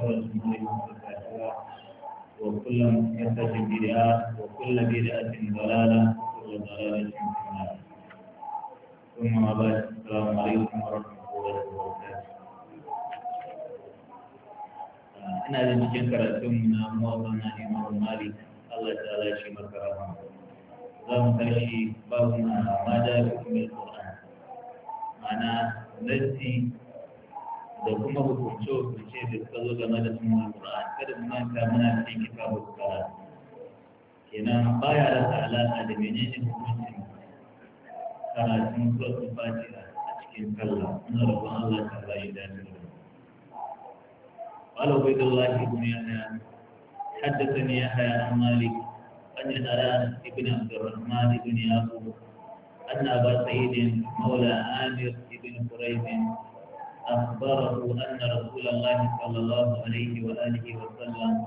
وشر الأمور محدثاتها وكل محدثة بدعة وكل بدعة ضلالة وكل ضلالة في النار ثم ما بعد السلام عليكم ورحمة الله وبركاته ina da cikin karatunmu na mawaƙa na Imam Malik Allah ta'ala shi maka rahama za mu tashi babu na mada hukumar Qur'an ma'ana nasi da kuma hukunce hukunce da suka zo game da sun alƙur'an kada mu manta muna cikin kitabu kala kenan baya rasa alaƙa da menene hukuncin karatun suratul fatiha a cikin sallah muna roƙon Allah ta ba shi dace da قال عبيد الله بن يحيى حدثني يحيى عن مالك أن الأران بن عبد الرحمن بن يعقوب أن أبا سعيد مولى عامر بن قريب أخبره أن رسول الله صلى الله عليه وآله وسلم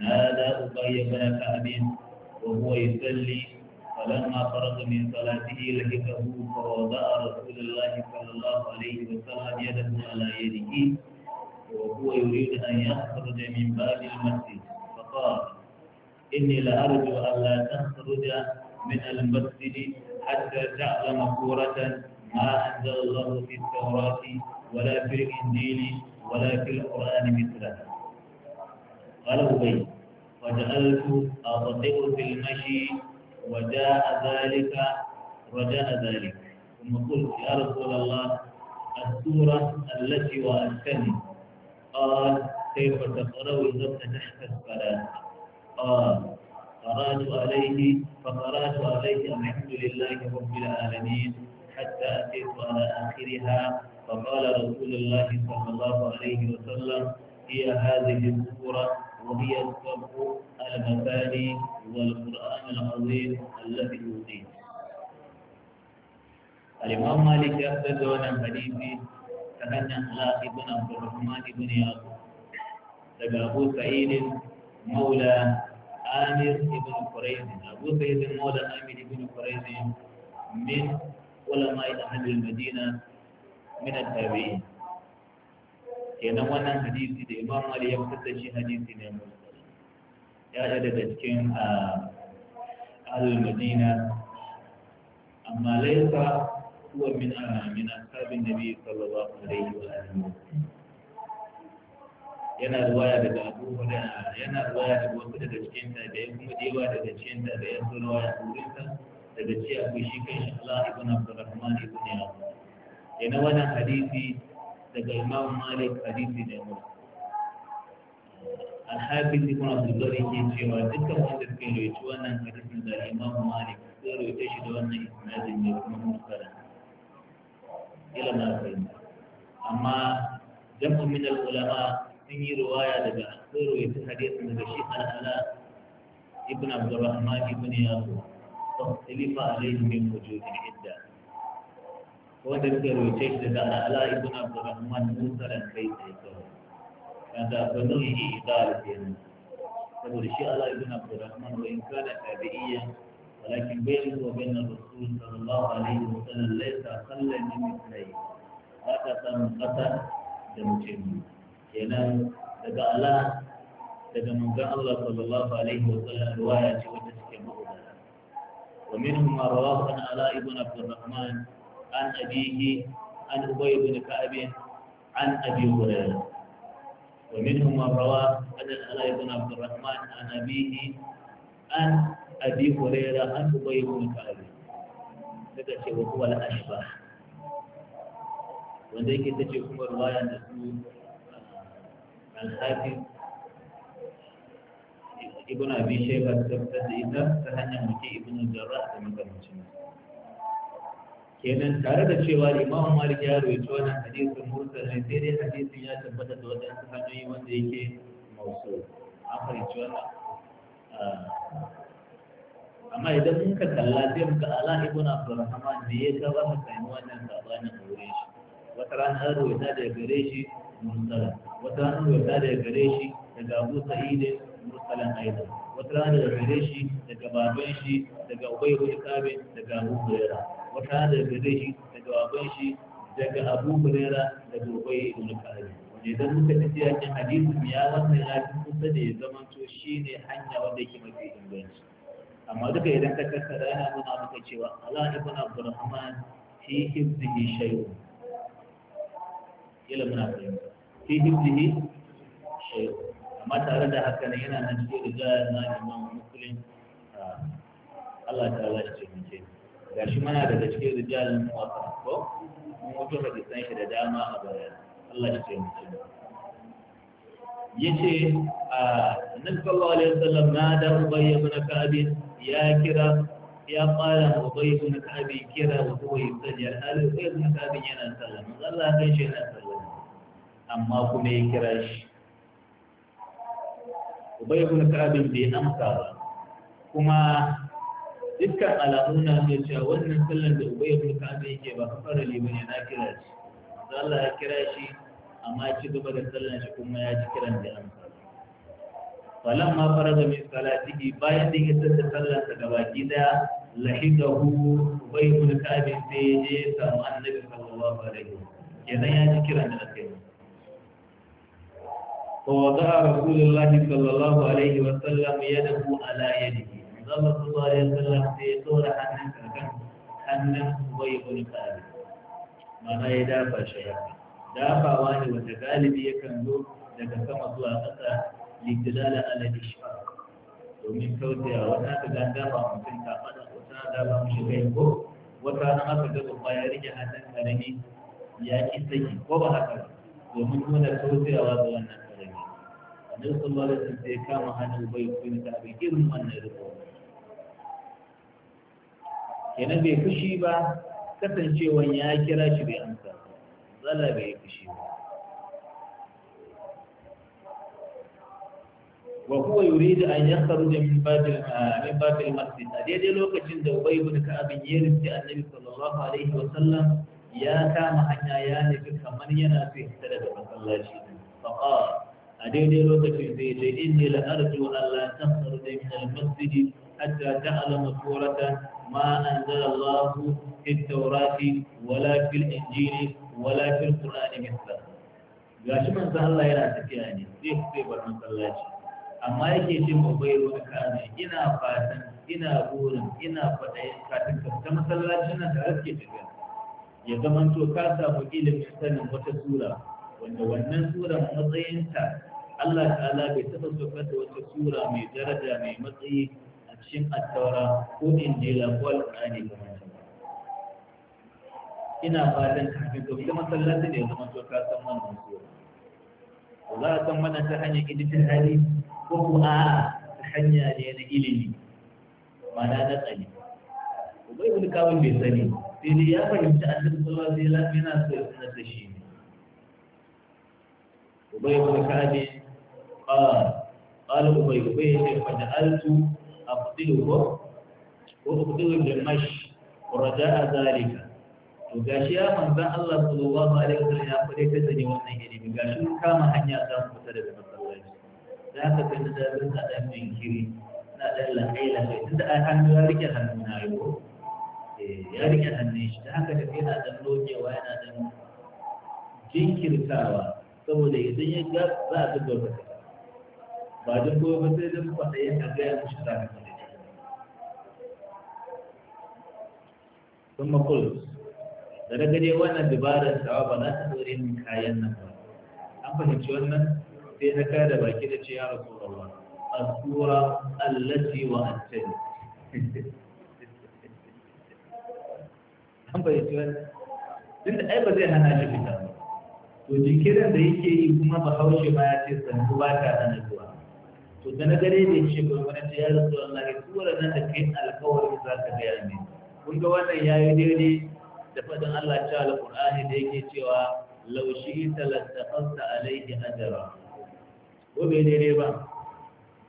نادى أبي بن كعب وهو يصلي فلما فرغ من صلاته لحقه فوضع رسول الله صلى الله عليه وسلم يده على يده وهو يريد أن يخرج من باب المسجد فقال إني لأرجو أن لا تخرج من المسجد حتى تعلم كورة ما أنزل الله في التوراة ولا في الإنجيل ولا في القرآن مثله قال أبي وجعلت أطيق في المشي وجاء ذلك وجاء ذلك ثم قلت يا رسول الله السورة التي وأتني قال كيف تقرأ إذا فتحت الصلاة قال قرأت عليه فقرأت عليه الحمد لله رب العالمين حتى أتيت على آخرها فقال رسول الله صلى الله عليه وسلم هي هذه السورة وهي السبع المثاني والقرآن العظيم الذي يؤذيه الإمام مالك يحدث عن حديث تهنى على ابن عبد الرحمن بن يعقوب لقى أبو سعيد مولى آمر بن قريش أبو سعيد مولى آمر بن قريش من ulama'i ahli al-madina min at-tabi'in kenan wannan hadisi da Imam Ali ya fitar da shi hadisi ne mu ya da daga cikin ah, ahli al-madina amma laysa huwa min ah, min ashabin nabi sallallahu alaihi wa alihi yana ruwaya da Abu Hurairah yana ruwaya daga wasu daga cikin tabi'ai kuma da yawa daga cikin tabi'ai sun ruwaya wurin sa daga ci akwai shi kan shi Allah ibn Abdurrahman ibn Yawm yana wannan hadisi daga Imam Malik hadisi ne mu Al-Hafiz ibn Abdul Bari ke cewa dukkan wanda suke rawaito wannan hadisin da Imam Malik sai rawaito shi da wannan isnadin ne kuma mursala ila ma fahimta amma jam'u min al-ulama sun yi riwaya daga sai rawaito hadisin daga shi al-Ala ibn Abdurrahman ibn Yawm فاختلف عليه من وجود عدة وذكر وجيش لدى علاء بن عبد الرحمن مرسلا كيف يكون هذا فنوعه إدارة يقول الشيء علاء بن عبد الرحمن وإن كان تابعيا ولكن بينه وبين الرسول صلى الله عليه وسلم ليس أقل من مثليه هذا كان قتل دمجين ينام daga Allah daga manzon Allah sallallahu alaihi wa sallam riwaya ce wacce ومنهم ما رواه عن علاء بن عبد الرحمن عن أبيه عن أبي بن كعب عن أبي هريرة ومنهم من رواه عن علاء بن عبد الرحمن عن أبيه عن أبي هريرة عن أبي بن كعب هذا وهو الأشبه وذلك تجي كما رواية الحافظ bi abi shayba ta fitar da ita ta hanyar muke ibn jarrah da makamancin kenan tare da cewa imamu malik ya rawaito wani hadisin mursal ne sai dai hadisin ya tabbata da wadansu hanyoyi wanda yake mausul an fahimci wannan ah. amma idan mun ka kalla sai muka ala ibn abdurrahman ne ya ga ba sami wannan na gare shi wata rana an rawaita daga gare shi mursala wata rana an rawaita daga gare shi daga abu sa'id mursalan aidan wata rana daga gare shi daga baban shi daga ubai ko ikabe daga abu hurera wata rana daga gare shi daga baban shi daga abu hurera daga ubai ibn kabe idan muka tafi yakin hadisin ya wannan ya fi kusa da ya zama to shine hanya wanda yake mafi inganci amma duka idan ka karkata yana nuna maka cewa Allah ibn Abdurrahman fi hibdihi shay'un ila muna fahimta fi hibdihi shay'un amma tare da haka ne yana nan cikin rijal na imam muslim Allah ta Allah ya ce mu ce gashi mana daga cikin rijal mu wasa ko mun wato hadisan shi da dama a baya Allah ya ce mu ce yace annabi sallallahu alaihi wasallam na da ubayy ibn ka'ab ya kira ya qala ubayy ibn ka'ab kira wa huwa yusajjal al ubayy ibn ka'ab yana sallama Allah ya kai shi yana sallama amma kuma ya kira shi ubai ibn ka'abin bai amsa ba kuma dukkan alamun na nuna cewa wannan sallan da ubai ibn ka'abin yake ba kafara ne bane na kira shi manzo Allah ya kira shi amma ya ci gaba da sallan shi kuma ya ji kiran da amsa fara da min salatihi bayan da ya tsada sallar sa gabaki daya lahidahu ubay ibn ka'ab sai ya je samu annabi sallallahu alaihi wasallam kenan ya ji kiran da aka yi فوضع رسول الله صلى الله عليه وسلم يده على يده زمن صلى الله عليه وسلم سيطور حنن كان حنن أبي بن كعب mana ya dafa shi haka dafawa ne galibi yakan zo daga sama zuwa ƙasa litilala ala ishfaq domin kautaya wata ka ga a mutum ka fada wata na dafa mishi kai ko wata na haka ga babba ya rike hannun karami ya ki saki ko ba haka domin nuna kautayawa ga wannan وهو يريد أن يخرج من باب آه، من باب المسجد. هذه دي لوكا جند بن كعب يرسي النبي صلى الله عليه وسلم يا كام حنايا لبك من ينافي السلف صلى الله عليه وسلم فقال a daidai lokacin zai ce inni la arju Allah tasar da min al-masjidi hatta ta'lamu surata ma anzala Allah fi tawrati wala fil injili wala fil qur'ani mithla gashi manzo Allah yana tafiya ne zai sai bar masallaci amma yake ce mu bai ruwa kana ina fatan ina burin ina fadayin kafin ka ta masallacin nan da kake tafiya ya zamanto ka samu ilimin sanin wata sura wanda wannan suran matsayinta Allah ta'ala bai taɓa saukar da wata sura mai daraja mai matsayi a cikin attaura ko injila ko alƙur'ani kamar ta ina fatan kafin ka fita masallaci da ya zama to ka san wannan sura za a san mana ta hanyar idifin hali ko ku a ta hanya ne na ilimi mana na tsani ubai wani kawun bai sani sai dai ya fahimci annabi sallallahu alaihi wasallam yana so ya sanar da shi ne ubai wani kawun قال قال أبي أبي فجعلت أقتله وأقتله بالمشي ورجاء ذلك وقاشي يا من ذا الله صلى الله عليه وسلم يا أخي كتني وأنا إلي قاشي كما هنيا دام متلف مثلا ذاك كان ذا بس أدم من كيري لا لا حيلة إذا أهان ذلك أهان من أيوه ya rike hannun shi ta haka tafi yana dan lokewa yana dan jinkirtawa saboda idan ya ga za a zuba wata بعد كل بدي ده بقية حاجات مشتركة ثم قلت درجة دي وانا دبارة سواب لا تدرين من كائن نفر أما هجونا في هكذا بكده يا رسول الله الصورة التي وأنتني أما هجونا لن أيضا زي هنا جبتا وجي كده دي كي يكما بحوش ما يأتي سنبوبا كأنا نبوبا to da na gare da shi ko wani ta yaro to Allah ya tura nan da kai alƙawarin za ka ga yanzu kun ga wannan yayi daidai da fadin Allah ta alƙur'ani da yake cewa laushi shi'ta lattaqasta alayhi ajra ko bai daidai ba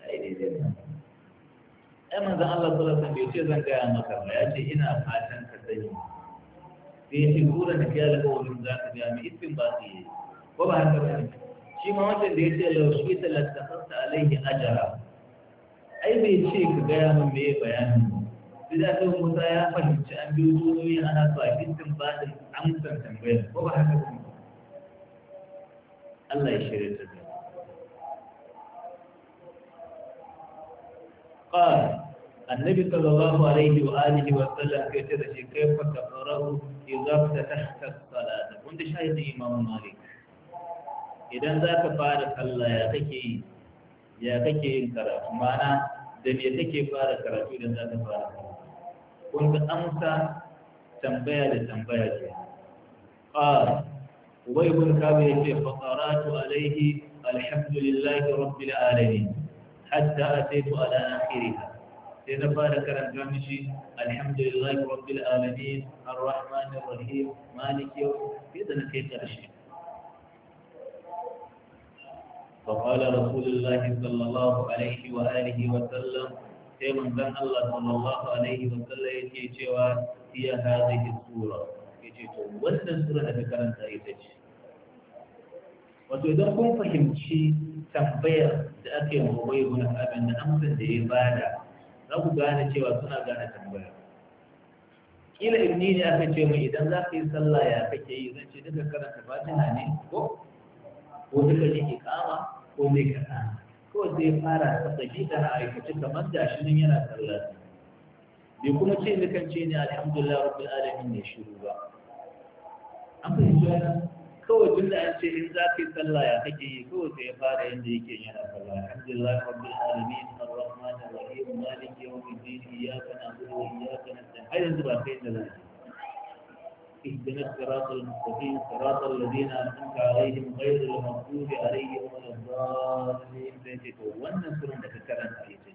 ai daidai ba ai manzon Allah sallallahu alaihi wasallam bai ce zan gaya maka ba ya ce ina fatan ka sani sai ya ce tura da kai alƙawarin za ka ga mai istin ba su yi ko ba haka ba ne shi ma wancan da ya ce laushe talattafarsa alaihi ajara ai bai ce ka gaya min me bayani ba sai da sai musa ya fahimci an biyo tsohoyi ana so a kintin ba amsar tambayar ko ba haka ba Allah ya shirya ta da قال النبي صلى الله kai fa ka كتب كيف تقرأ إذا فتحت الصلاة كنت شاهد إمام malik idan za ka fara sallah ya kake yi ya kake yin karatu mana da me take fara karatu idan za ka fara kun ga amsa tambaya da tambaya ce qala ubay ibn kab yace fa qaratu alaihi alhamdulillahi rabbil alamin hatta ataitu ala akhiriha sai na fara karanta mishi alhamdulillahi rabbil alamin arrahmanir rahim maliki yawm sai na kai karshe فقال رسول الله صلى الله عليه وآله sai manzan Allah sallallahu alaihi wa sallam yake cewa iya hadhihi sura yace to wannan sura da karanta ita ce wato idan kun fahimci tambayar da ake yi wa wani abin da amsar da ya bada za ku gane cewa suna gane tambaya Ƙila ibni ne aka ce mai idan za ka yi sallah ya kake yi zan ce duka karanta fatina ne ko ko duka ne kama, ko mai kaɗa kawai zai fara ta ɗabi'a a aikace kamar da shi nan yana sallah bai kuma ce ni kan ce ne alhamdulillah rabbil alamin ne shiru ba an fahimci wannan kawai tun da an ce in za ka yi sallah ya kake yi kawai sai ya fara yadda yake yana sallah alhamdulillah rabbil alamin arrahman arrahim maliki yawmiddin iyyaka na'budu wa iyyaka nasta'in har yanzu ba kai da lafiya. اهدنا الصراط المستقيم صراط الذين انعمت عليهم غير المغضوب عليهم ولا الضالين ونسرنا نسرنك كرم عيسى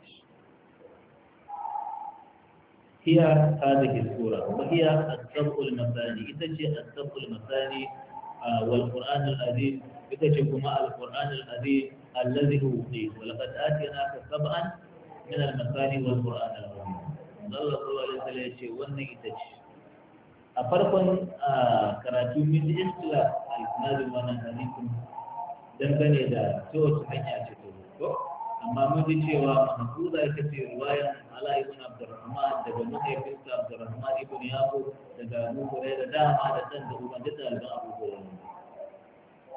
هي هذه السورة وهي الصدق المثاني إتجي الصدق المثاني آه، والقرآن الاديب اذا إتجي كما القرآن الاديب الذي هو فيه ولقد آتيناك سبعا من المثاني والقرآن العظيم ظل صلى الله عليه وسلم يشي ونه a farkon karatu min ji istila a isnadin wannan hadisin dangane da ta su hanya ce ta amma mun ji cewa mahfuza ita ce ruwayan ala ibn abdurrahman daga mahaifinsa abdurrahman ibn yaqub daga abu da dama da dan da uban da ɗaliban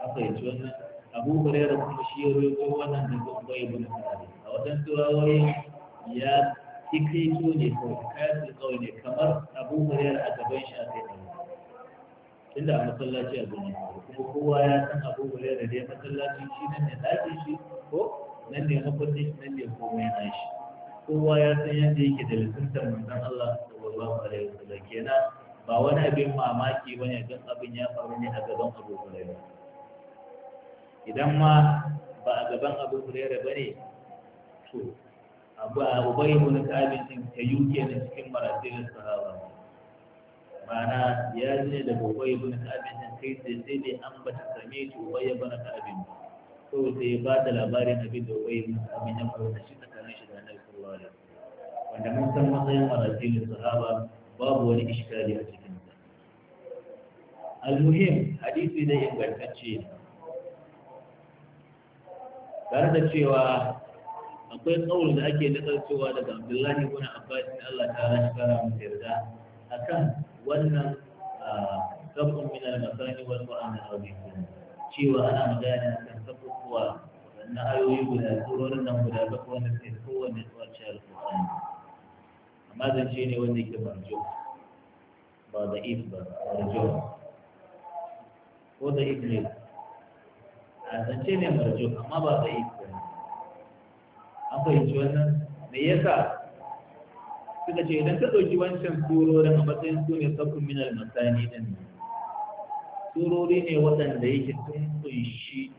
abu ne a yi wannan abu hurairah kuma shi ya roƙo wannan daga ubay ibn a wajen ya hikaito ne kawai kayan kawai ne kamar abu hurairar a gaban shi a kai da inda a masallaci a gani kuma kowa ya san abu hurairar da ya masallaci shi nan ne ɗakin shi ko nan ne mafarkin shi nan ne komai na shi kowa ya san yadda yake da lissantar manzon Allah sallallahu alaihi wasallam kenan ba wani abin mamaki bane don abin ya faru ne a gaban abu hurairar idan ma ba a gaban abu hurairar bane to ubai wani kabin din ta yuke da cikin marasirin sahaba ma'ana ya ji daga ubai wani kabin din kai sai sai dai an ba ta same ta ubai ya bana kabin ko sai ba da labarin abin da ubai wani kabin ya da shi ta tsakanin shi da annabi sallallahu alaihi wasallam wanda mun san matsayin marasirin sahaba babu wani iskali a cikin sa al-muhim hadisi da ingantacce tare da cewa akwai kawul da ake cewa daga Abdullahi wani abbasin da Allah ta rashi kara masa yarda kan wannan sabon minar al-masani wal Qur'an A azim cewa ana magana kan sabbuwa na ayoyi guda surorin nan guda bakwai wanda suke kowanne tsawace al kowane amma ce ne wanda ke barjo ba da if ba barjo ko da if ne a zance ne barjo amma ba da if an fahimci wannan me yasa suka ce idan ka ɗauki wancan turorin a matsayin su ne sabbin minar masani ɗin turori ne waɗanda yake sun kunshi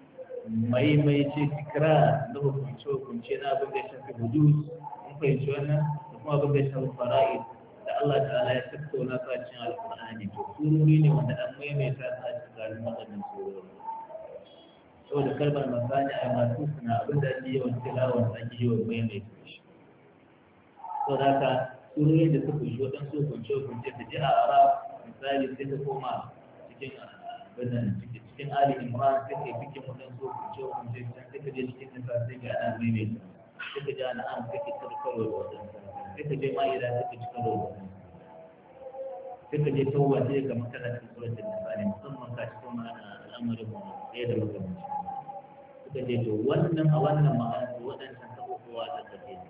maimaici tikira na hukunci hukunci na abin da ya shafi hudud an fahimci wannan da kuma abin da ya shafi fara'i da Allah ta'ala ya tattauna sa a cikin alƙur'ani to turori ne wanda an maimaita sa a cikin galibin waɗannan saboda kalmar mafani a masu suna abin da ake yawan tilawar ake wa bayan mai shi to da ka surorin da suka shi su kunce kunce da ji a arab misali sai ta koma cikin ah, abin cikin ali imran sai ta su waɗansu kunce kunce can sai ka je cikin nasa sai ga ana mai mai sai ka je ana an sai ka ci karo da waɗansu sai ka je ma'ida sai ka ci karo da waɗansu sai ka je tawwa sai ka makara cikin suratun nasa ne musamman ka ci kuma ana al'amarin mu ɗaya da makamancin suka to wannan a wannan ma'ana to waɗannan abubuwa da kake ne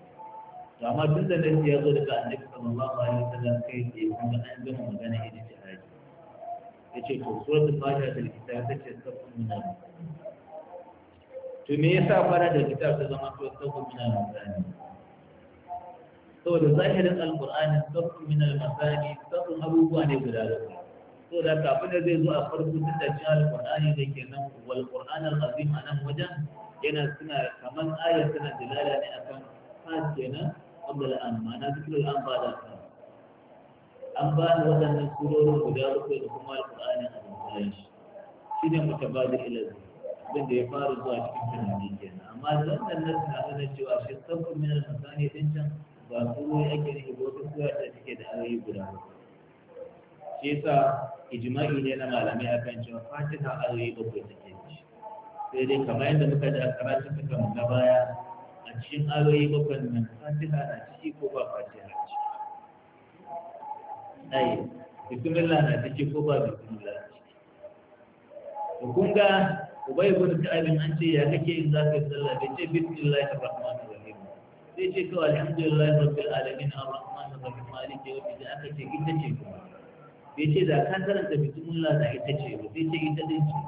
to amma tun da nan ya zo daga annabi sallallahu alaihi wasallam kai ke kuma an gama magana ita ce haji yace to suratul fatiha da kitab ta ce sabun minan to me yasa fara da kitab ta zama to sabun minan misali saboda zahirin alqur'ani sabun minan misali sabun abubuwa ne guda da bakwai so da kafin da zai zo a farko tun da cin alƙur'ani da ke nan wal ƙur'an al-azim a nan wajen yana suna kamar ayar tana dalala ne akan fas kenan qabla al-an ma'ana zikrul an ba da kan an ba da wadannan surorin guda bakwai da kuma alƙur'ani a misalan shi shi ne mutabadir ila abin da ya fara zuwa cikin tunani kenan amma da wannan nan suna nuna cewa shi sabbin min al-masani din can ba su ake ne ba wata suwa da take da ayoyi guda bakwai shi yasa ijma'i ne na malamai akan cewa fatiha ayoyi bakwai take ci sai dai kamar yadda muka da karatu suka mu na baya a cikin ayoyi bakwai nan fatiha na ciki ko ba fatiha ci ai bismillah na ciki ko ba bismillah ciki to kun ga ubai ibn ka'ab an ce ya kake yin zaka sallah bai ce ta rahmanir rahim sai ce to alhamdulillahi rabbil alamin arrahmanir rahim maliki yawmid din aka ce ita ce kuma bai ce da kan karanta bismillah da ita ce ba sai ce ita din ce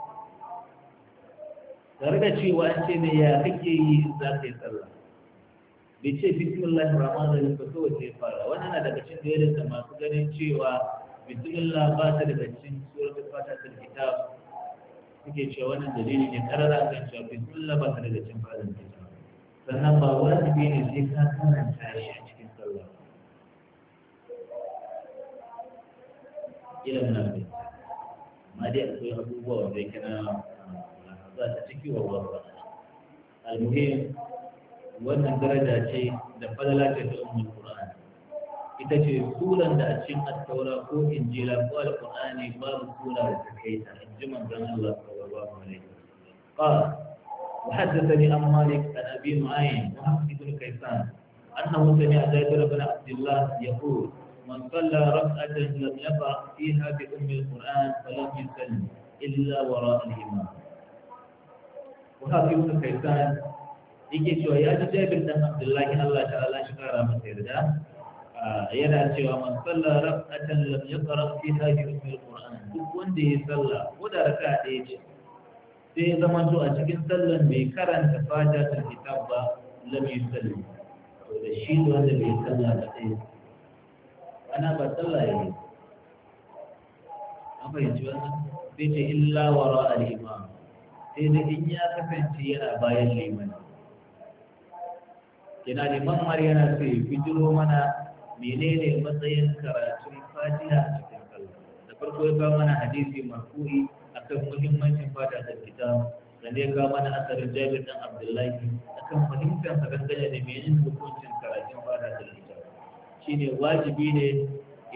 tare da cewa an ce ne ya kake yi za ka yi tsalla. bai ce da rahman da ba kawai sai fara wannan na daga cikin dalilin da masu ganin cewa bismillah ba ta daga cikin da fatiha ta Su suke ce wannan dalili ne karara kan cewa bismillah ba ta daga cikin fadin kitab sannan ba wajibi ne sai ka karanta shi ila na bai amma dai akwai abubuwa wanda yake na za ta ciki wa wasa almuhim wannan daraja ce da falala ce ta ummul qur'an ita ce suran da a cikin at-taura ko injila ko al-qur'ani babu sura da take kai ta injiman dan Allah sallallahu alaihi wasallam qala وحدثني عن مالك عن ابي معين وحفص بن كيسان انه سمع جابر بن عبد الله يقول من صلى ركعه لم يقرأ فيها بام القران فلم يسلم الا وراء الامام وهذا يوسف كيسان يجي شوية جابر بن عبد الله إن الله تعالى شكرا من سيدنا آه، يلا سوى من صلى ركعة لم يقرأ فيها بأسم القرآن وندي صلى ودا ركعة إيش في زمن جوا تكن صلى بكرن تفاجأت الكتاب لم يسلم وإذا الشيء هذا بيسلى بعدين ana ba sallah yi. an fahimci wannan sai ce illa wara al-imam sai da in ya kasance yana bayan liman yana liman yana yana sai bijiro mana menene matsayin karatun fatiha a cikin sallah da farko ya kawo mana hadisi marfu'i akan muhimmancin fata da kitab da ne kawo mana asarin jabir dan abdullahi akan fahimtar sa dangane da menene hukuncin karatun fata da shine wajibi ne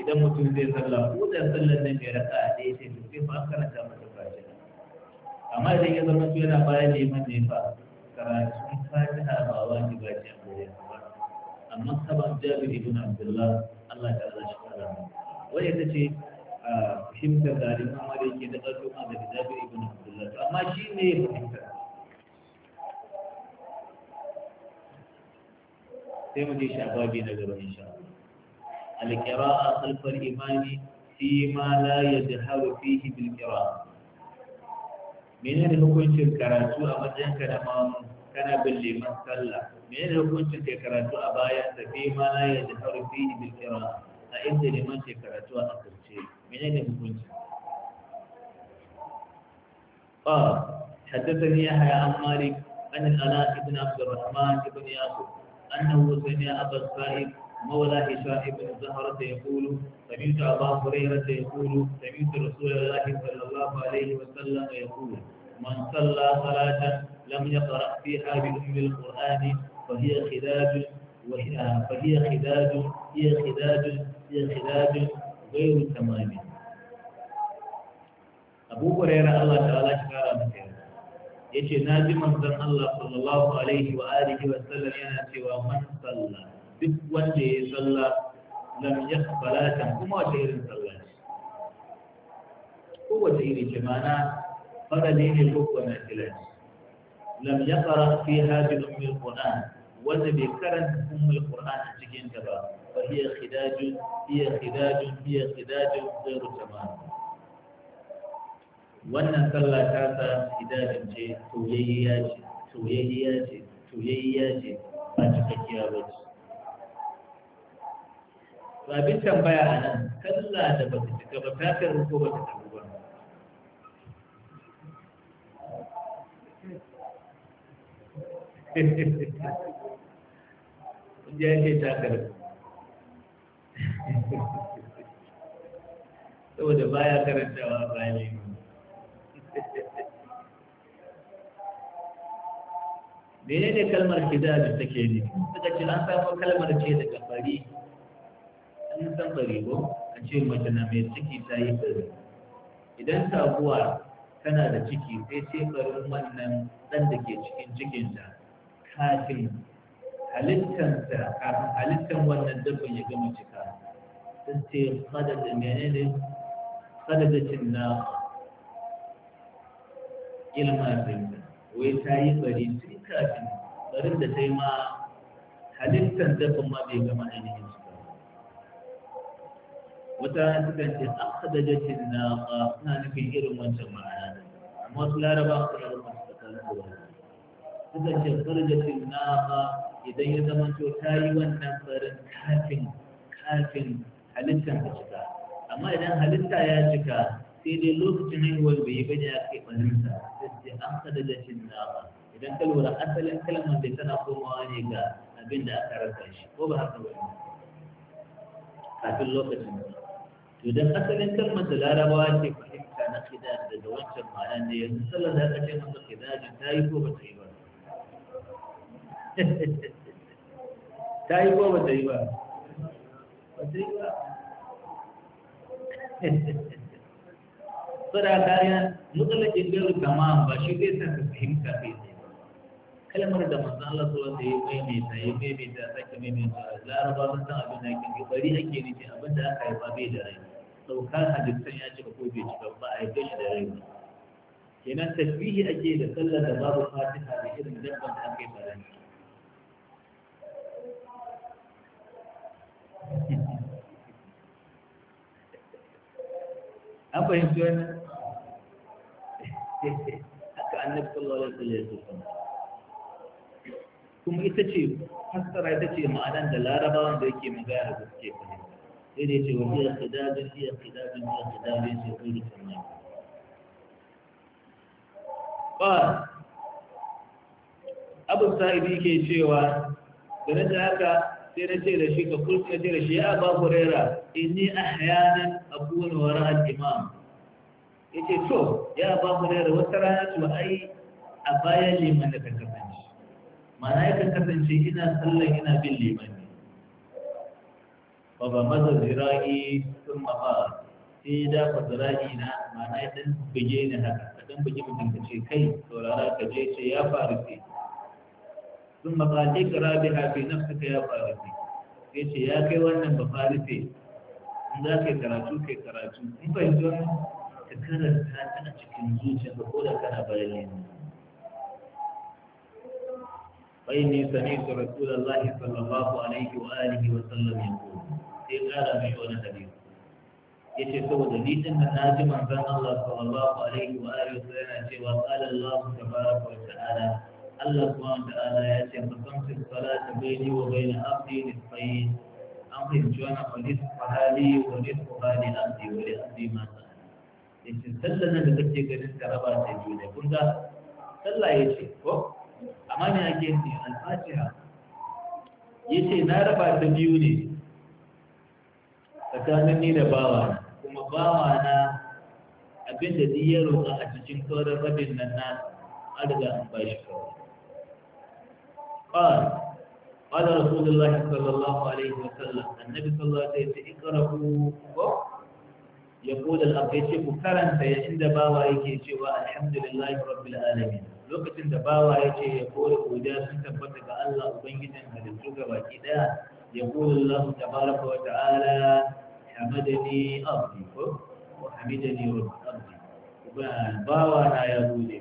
idan mutum zai sallah ko da sallar nan mai raka a ɗaya sai to sai ba an karanta masa amma idan ya zama yana bayan neman ne fa karatun fatiha ba wajiba ce a gare ka ba amma saban jabir ibn abdullah Allah ta Allah shi kara mu wai ta ce fahimtar da ni amma da yake da ɗauko ma da jabir ibn abdullah amma shi ne fahimtar sai mu je shafa biyu na gaba insha القراءة خلف الإمام فيما لا يجهر فيه بالقراءة menene hukuncin karatu a matsayin ka na mamu kana bin liman hukuncin karatu a bayan sa ma la ya jaharu fi bil qira a inda liman ke karatu a asirce menene hukuncin fa haddathani yahya an malik an al مولى هشام بن زهرة يقول سمعت أبا هريرة يقول سمعت رسول الله صلى الله عليه وسلم يقول من صلى صلاة لم يقرأ فيها بأم القرآن فهي خداج وهي فهي خداج هي خداج هي خداج غير تمام أبو هريرة الله تعالى شكرا لك يجي na من الله صلى الله عليه وآله وسلم wa ومن صلى duk wanda ya yi sallah lam yaqbalatan kuma wace irin sallah ce kowace iri ce mana farale ne ko kuma nafila ce lam yaqra fiha bi ummi alquran wanda bai karanta ummi alquran a cikin ta ba fa hiya khidajun hiya khidajun hiya khidajun ghairu tamam wannan sallah ta sa khidajun ce soyayya ce soyayya ce soyayya ce ba cikakkiya ba ce to abin tambaya a nan Kalla da ba ta cika ba ta ko ba ta karu ba ya ce ta karu saboda baya karantawa ne kalmar hidaya da take ne suka ce an samu kalmar ce daga fari in san bari ko a ce mace na mai ciki ta yi bari idan sabuwa tana da ciki sai sai barin wannan ɗan da ke cikin cikinta kafin halittansa kafin halittan wannan dabban ya gama cika sun ce kada da ne kada da cin na ilma wai ta yi bari tun kafin barin da ta yi ma halittan dabban ma bai gama ainihin wata sukan ce akhdajat naqa na nufin irin wancan ma'ana amma wasu laraba suna da masu tsakanin da wannan sukan ce kharajat naqa idan ya zama to tayi wannan farin kafin kafin halittar ta cika amma idan halitta ya cika sai dai lokacin haihuwar bai yi bane ya kai farinsa sai ce akhdajat naqa idan ka lura asalin kalmar da tana komawa ne ga abin da aka rasa shi ko ba haka ba kafin lokacin to dan asalin kalmar da larabawa ke fahimta na khidaj daga wancan ma'ana ne yanzu sallar da aka ce masa khidaj ta yi ko ba ta yi ba ta yi ko ba ta yi ba ba ta yi ba kariya gari kama ba shi zai sa ka fahimta kai tsaye kalmar da manzo Allah sallallahu sake maimaita laraba sun san abin da yake bari ake nufi abin da aka yi ba bai da rai saukar hadisan ya cika ko bai cika ba a yadda shi da rai ba kenan tasbihi ake da sallar da babu fatiha da irin dabban da aka yi faranci an fahimci wani haka annabi sallallahu alaihi wasallam ya ce kuma ita ce fassara ita ce ma'anan da larabawan da yake magana da suke fahimta sai da ce wani ya khidabin iya khidabin iya khidabin sai kuri sannan ba abin sa'idi ke cewa da na haka sai na ce da shi ka kulki ce da shi ya ba kurera a ahyanan akuna wara al-imam yace to ya ba kurera wata rana to ai a bayan liman da ka kasance mana ya kasance ina sallan ina bin liman Baba Maza zira'i sun قال sai da dafa zira'i na mana ya dan buge ni haka ka dan buge mutum ka ce kai saurara ka je ce ya faru ce sun ce ka rabi hafi na suka ya faru ce sai ce ya kai wannan ba faru ce in za ka karatu kai karatu in fahimci wani ka karanta ta cikin zuciya ka ko da kana bayan yanzu فإني سمعت رسول الله صلى الله عليه وآله وسلم يقول إيه قال مشون حديث يتي سوى دليل أن ناجم عن الله صلى الله عليه وآله وسلم وقال الله تبارك وتعالى الله سبحانه وتعالى يأتي فصمت الصلاة بيني وبين عبدي نصفين أمر جوانا ونصفها لي ونصفها لأبدي ولأبدي ما سأل يتي سلنا لتكي قدس كربات الجودة كنت سلا يتي amma ne ake ne alfatiha ya ce na raba ta biyu ne tsakanin ni da bawa kuma bawa na abin da ni yaro a cikin tsoron rabin nan na arzikin an ba shi kawai ƙar ƙada rasulullah sallallahu alaihi wa sallam annabi sallallahu alaihi wa ta ikara ku ko ya kodal abu ya ce ku karanta ya inda bawa yake cewa Alhamdulillahi rabbil alamin lokacin da bawa ya ce ya kore godiya sun tabbata ga Allah ubangijin halittu ga daya ya kore Allah tabaraka wa ta'ala hamadani abu ko wa hamidani abdi bawa na ya gode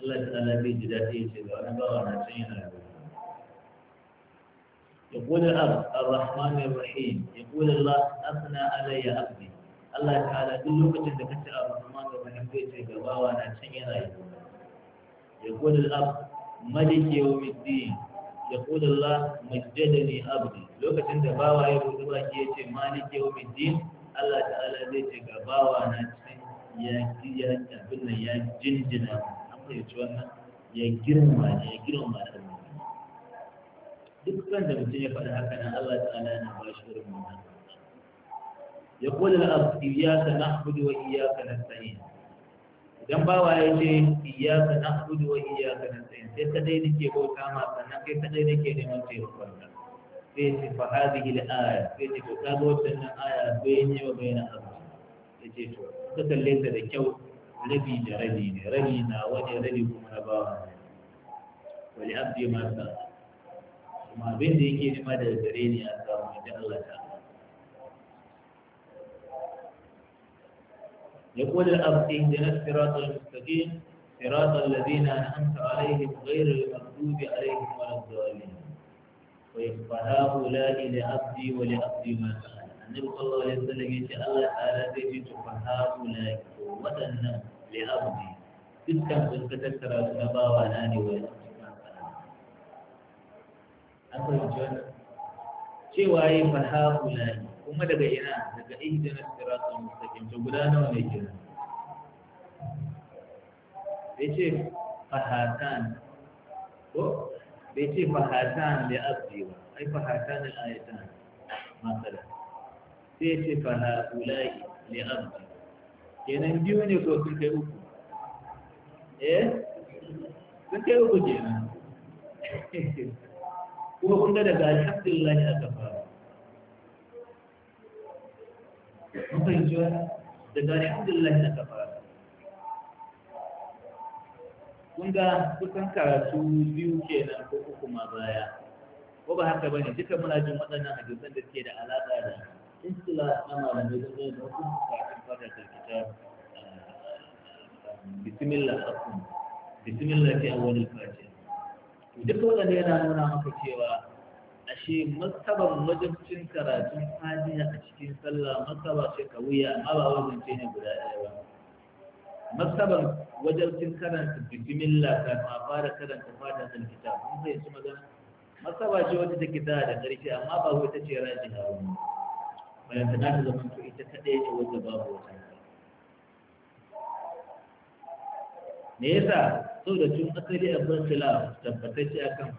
Allah ta ala bai ji daɗi ya ce ga wani bawa na can yana gode يقول الأب الرحمن الرحيم يقول الله أثنى علي أبدي الله تعالى كل لوكة ذكرت الرحمن الرحيم بيت جواوا أنا شيء رأيه يقول الأب ملك يوم الدين يقول الله مجدني أبدي لو كنت أنت باوا يقول الله كيف مالك يوم الدين الله تعالى ليس كباوا نفسي يا يا تبنا يا جنجنا أما يجوانا يا جرما يا جرما duk kan da mutum ya faɗi haka nan Allah ta'ala yana ba shi irin wannan ya qul al-ab iyyaka na'budu wa iyyaka nasta'in idan bawa ya ce iyaka na abudu wa iyaka na tsayin sai kadai nake bauta ma sannan kai kadai nake neman taimakon ka sai ce fa hadhihi al-aya sai ce to sai wannan aya bayan yawa na abu ya ce to ka kalle ta da kyau rabi da rabi ne rabi na wani rabi kuma na bawa ne abu abdi ma sa kuma abin da yake nema da gare ni a samu idan Allah ta يقول الأب اهدنا الصراط المستقيم صراط الذين أنعمت عليهم غير المغضوب عليهم ولا الضالين ويقبل هؤلاء لعبدي ولعبدي ما فعل النبي صلى الله عليه وسلم يقول الله تعالى تجد فهؤلاء وتنا لعبدي تلك sun ta tattara su والآن bawa na ne wa kuma daga ina daga ihdinas siratal mustaqim to guda nawa ne kenan bai ce fahatan ko bai ce fahatan da abdi ba ai fahatan al-ayatan masala sai ce fahaulai li abdi kenan biyu ne ko sun kai uku eh sun kai uku kenan kuma kun da daga alhamdulillah aka mun ji wani daga alhamdulillah na kafara kun ga kusan karatu biyu kenan ko uku ma baya ko ba haka bane duka muna jin waɗannan hadisan da suke da alaƙa da istila na malamai da zai da hukunci kafin fara karkata bismillah akum bismillah fi awwalil fatiha duka wanda yana nuna maka cewa ashe masaban majalcin karatun fatiha a cikin sallah masaba ce kawiya amma ba wajen ce ne guda ɗaya ba masaban wajalcin karanta bismillah kan ma fara karanta fatiha kan kitab zai ci magana masaba ce wata take da da ƙarfi amma ba wata ce na ba bayan ta nata zama to ita kaɗai ce wacce babu wata me yasa so da tun asali a burkila tabbatacce a kan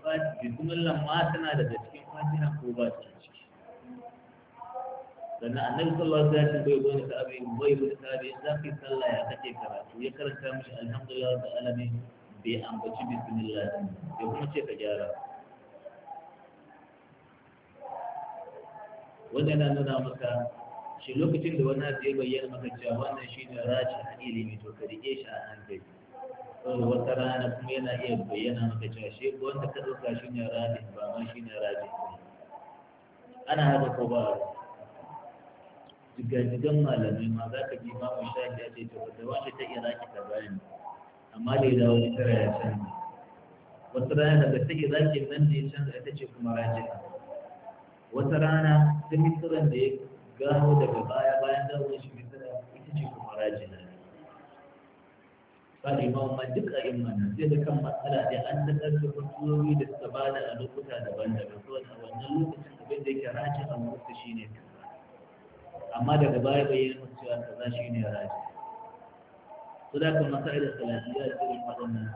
bi kuma lamma tana daga cikin fatiha ko ba ta ciki sannan annabi sallallahu alaihi wasallam bai wani sahabi bai wani sahabi za ka yi sallah ya kake karatu ya karanta mishi alhamdulillah da alamin bai ambaci bismillah ya kuma ce ka gyara wannan yana nuna maka shi lokacin da wani abu ya bayyana maka cewa wannan shine rashi a ilimi to ka rike shi a hankali wata rana kuma yana iya bayyana maka cewa shi wanda ka ɗauka shi ne raji ba ma shi ne raji ana haka ko ba jigajigan malamai ma za ka ji ma mu sha ya ce to da wani ta iraki ta bayani amma da ya dawo tara ya canza wata rana daga ta iraki nan da ya canza ita ce kuma raji wata rana ta misiran da ya gano daga baya bayan dawo shi misiran ita ce kuma raji ba limamman duk a yin mana sai da kan matsala da an da ɗarfe fasuwoyi da suka ba da a lokuta daban-daban so da wannan lokacin abin da yake rajin a mutu shi ne amma daga baya bayyana musu cewa kaza shi ne rajin su da kan masa'ilar salatiyya da irin waɗannan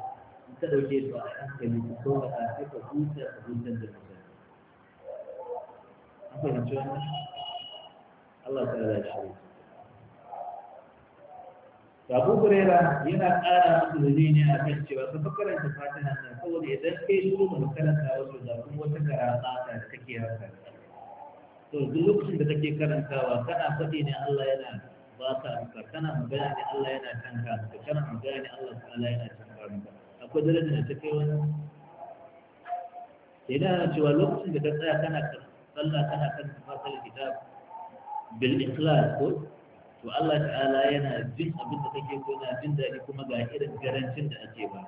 in ka ɗauke su a hankali su so ka sai ka huta ka hutar da mutane. An fahimci wannan? Allah ta da shi. abu burera yana ƙara musu da ne a kan cewa ka fi karanta fatiha nan saboda idan kai shi ba karanta wasu da kuma wata karanta ta da kake haka to duk lokacin da kake karantawa kana faɗi ne Allah yana ba ka amsa kana magana ne Allah yana tanka maka kana magana ne Allah ta'ala yana tanka maka akwai darajar da ta kai wani sai da cewa lokacin da ka tsaya kana sallah kana kan fatar kitab bil ikhlas ko to Allah ta'ala yana bin abin da kake ko yana bin daɗi kuma ga irin garancin da ake ba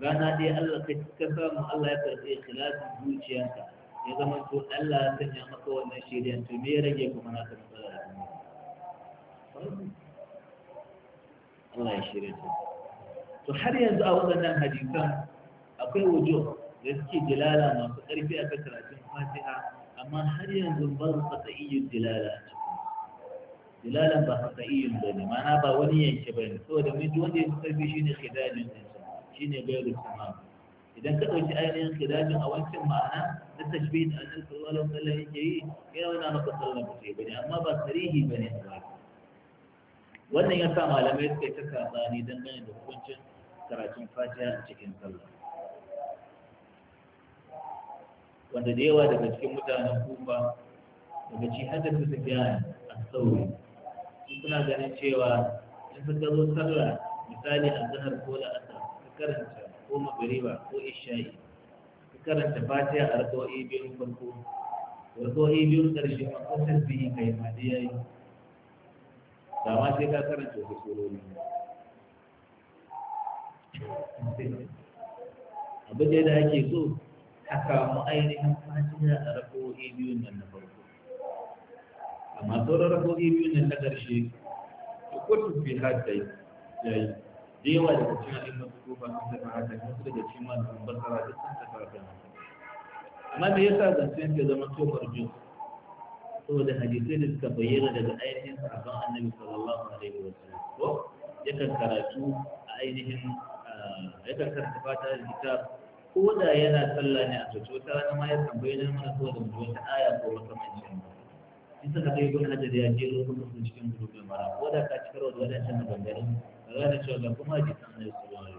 rana ɗaya Allah ka samu Allah ya karɓi ikhlasin zuciyarka ya zama to Allah ya sanya maka wannan shirya to me ya rage kuma na ka matsala da duniya Allah ya shirya ta to har yanzu a waɗannan hadisan akwai wujo da suke jilala masu ƙarfi a karatun fatiha amma har yanzu ba su iya jilala dilalan ba haƙa'iyin ba ne mana ba wani yanke ba ne saboda mai duk wanda ya fi ƙarfi shine khidajin ɗinsa shine gairu tamam idan ka ɗauki ainihin khidajin a wancan ma'ana na tashbih da annabi sallallahu alaihi wasallam yake yi yana wani maka sallan ba ne amma ba sarihi ba ne ba wannan ya sa malamai suka yi ta saɓani dangane da hukuncin karatun fatiha a cikin sallah wanda da yawa daga cikin mutanen kufa daga ci hadda su su gane a sauri suna ganin cewa in suka zo sallah misali a zahar ko la'asar ka karanta ko magariba ko isha'i ka karanta fatiha a rakawai biyun farko rakawai biyun ƙarshe a kusan biyu kai ma da yi. ba ma sai ka karanta wasu surori abin da ake so a samu ainihin fatiha a rakawai biyun nan na amma sauran rahohi biyu ne ta ƙarshe da kotu fi haɗai ya yi da yawa da kacin halin masu goma sun tafi hada wasu daga cikin malamin basara da sun tafi hada amma me yasa zancen ke zama to marjo saboda hadisai da suka bayyana daga ainihin sahabban annabi sallallahu alaihi wa sallam ko yakan karatu a ainihin ah, yakan karanta fata da kitab ko da yana sallah ne a cuta wata rana ma ya tambayi na mana saboda mu wata aya ko makamancin ba in suka kai ibn hajar ya jero kuma su cikin gurubin mara ko da ka cikar da wadancan maganganun da gane cewa ga kuma ji san na yusuf wani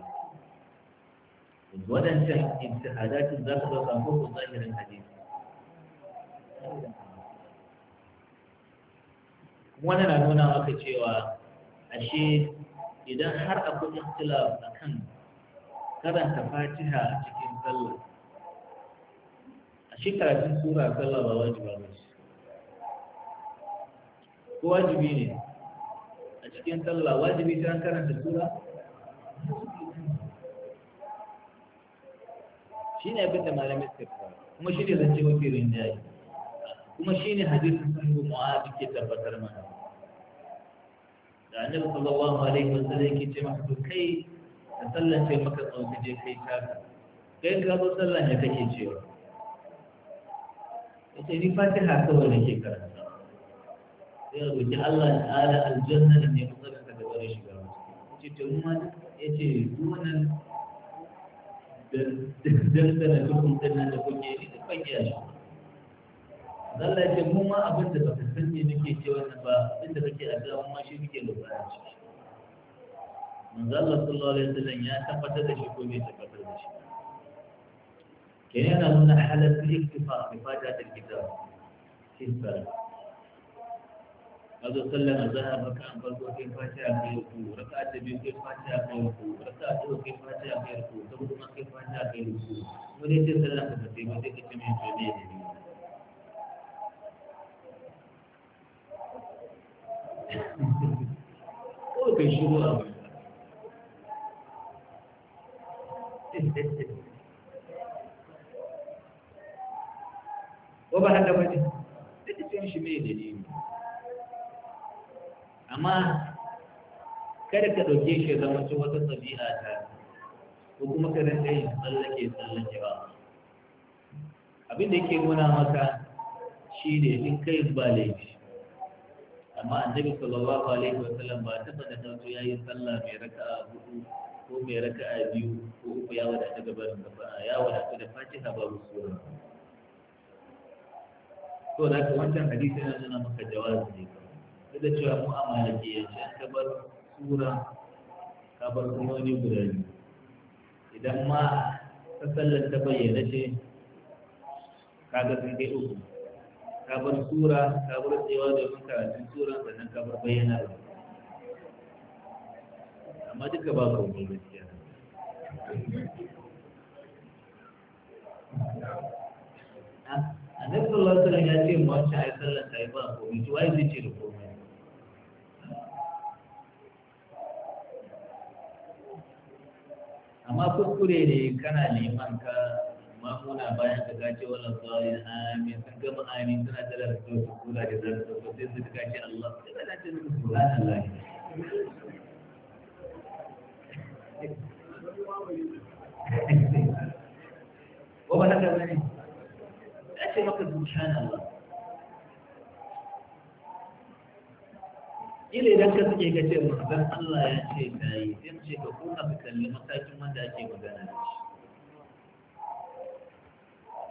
wadancan intihadatin za ka ɗauka ko ko zahirin hadisi wannan na nuna maka cewa ashe idan har akwai ikhtilaf akan karanta fatiha cikin sallah ashe karatun sura sallah ba wajibi ba ce ko wajibi ne a cikin talla wajibi ta karanta sura shi ne abin da malamai suka fara kuma shi ne zance mafi yayi kuma shi ne hadisi sun yi mu'adu ke tabbatar mana da annabi sallallahu alaihi wa sallam yake ce maka to kai ka ce maka tsawon je kai taka kai ka zo sallah ya kake cewa yace ni fatiha kawai nake karanta ya roki Allah ta'ala aljanna da ne kuma ka da wani shiga ce to mu ya ce wannan dangana dukkan dinnan da kuke yi da fagiya shi Allah ya ce mu ma abin da baka sani nake ce wannan ba abin da kake addu'a mu ma shi muke lura shi manzo Allah sallallahu alaihi wasallam ya tabbatar da shi ko bai tabbatar da shi kenan yana nuna halatul iktifa bi fadatil kitab hisba ka zo sallar azhar raka'a farko kai fatiha kai ruku Raka ta biyu kai fatiha kai ruku Raka ta uku kai fatiha kai ruku ta hudu ma kai fatiha kai ruku Mun yi ce sallar ka fate ba sai ka ce mai to ne da ni ko kai shiru a wani ko ba haka ba ne sai cin shi mishi mai dalili amma kada ka ɗauke shi zama ci wata ɗabi'a ta ko kuma ka rinka yin tsallake tsallake ba abin da yake nuna maka shi ne in kai ba laifi amma an annabi sallallahu alaihi wa sallam ba taɓa da ya yi sallah mai a hudu ko mai a biyu ko uku ya wadata gaban gaba ya wadata da fatiha babu sura to da wancan hadisi yana nuna maka jawabi ne duk da cewa mu a malikiyance an kabar kabar guda biyu idan ma ta sallar ta bayyana ce kaga sun kai uku kabar sura kabar tsayawa domin karatun sura sannan kabar bayyana ba amma duka ba ka wani gaskiya annabi sallallahu alaihi wasallam ya ce mu wacce ai sallar ta yi ba komai to ai zai ce da komai amma kuskure ne kana liman ka mamuna bayan ka gace wannan tsawon amin sun gama amin suna tara da su kula da zan su ko sai su ka ce Allah sai ka kula Allah ko ba haka bane ya ce maka subhanallah kila idan ka suke ka ce manzon Allah ya ce ka yi sai ce ka kuka ka kalli matakin wanda ake magana da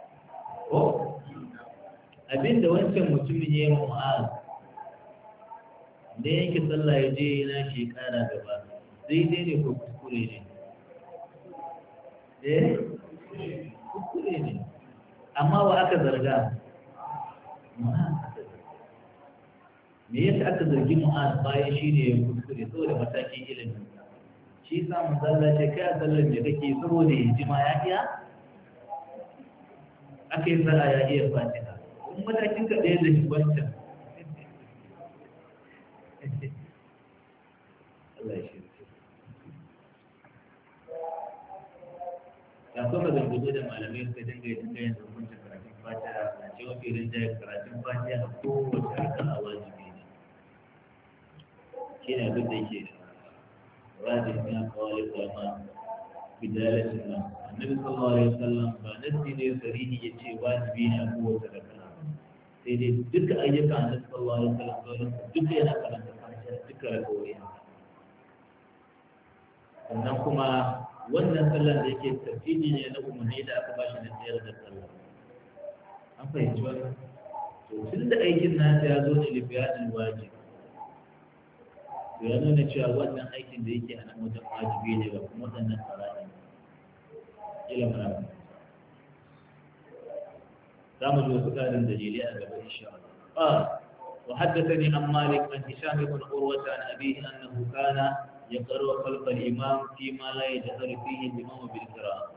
shi ko abin da wancan mutumin ya yi mu'az da yanke sallah ya je yana shi kara gaba dai ne ko kuskure ne eh kuskure ne amma wa aka zarga mu'az me yasa aka zargi mu'az bayan shi ne ya kuskure saboda matakin ilimin shi sa manzala ce kai sallar da kake saboda hijima ya iya aka yi sallah ya iya fatiha kuma matakin ka ɗaya da shi wancan Allah shi ya kuma zangudu da malamai suka dinga yi dinga yin hukuncin karatun fatiha na cewa filin jaya karatun fatiha a kowace harka shine abin da yake rabi na kawai ma bidare nan annabi sallallahu alaihi wasallam ba nasi ne sarihi ya ce wajibi ne a kowace raka sai dai duka ayyuka na sallallahu alaihi wasallam dole duka yana karanta fatiha duka rakawoyi sannan kuma wannan sallar da yake tafsiri ne na umarni da aka bashi na tsayar da sallar an fahimci wannan to tun da aikin nasa ya zo ne libiyanin wajib to ya nuna cewa wannan aikin da yake a wajen wajibi ne ba kuma waɗannan faraɗi ila faraɗi za mu ji a gaba insha Allah وحدثني عن مالك عن هشام بن عروة عن أبيه أنه كان يقرأ خلق الإمام فيما لا يجهر فيه الإمام بالقراءة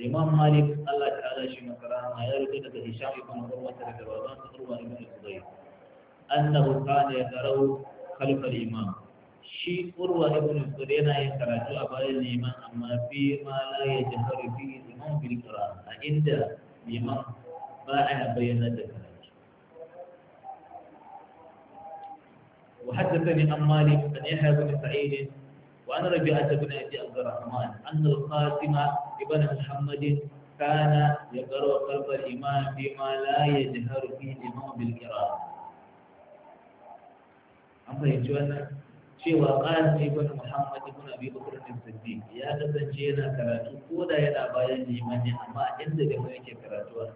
الإمام مالك الله تعالى شيء مكرها ما يرد لك هشام بن عروة رضي الله عنه أنه كان يقرأ خلف الإمام shi urwa ibn zubair yana yin karatu a bayan liman amma fi ma la yajharu fi imam bil qur'an a inda liman ba a bayyana da karatu وحدثني عن مالك يحيى بن سعيد وعن ربيعة بن أبي عبد الرحمن أن القاسم ابن محمد كان يقرأ قلب الإمام بما لا يجهر فيه الإمام بالقراءة. أما يجوانا cewa ƙarin ibn muhammad ibn abi bakr bin siddiq ya kasance yana karatu ko da yana bayan liman ne amma inda da mai yake karatu a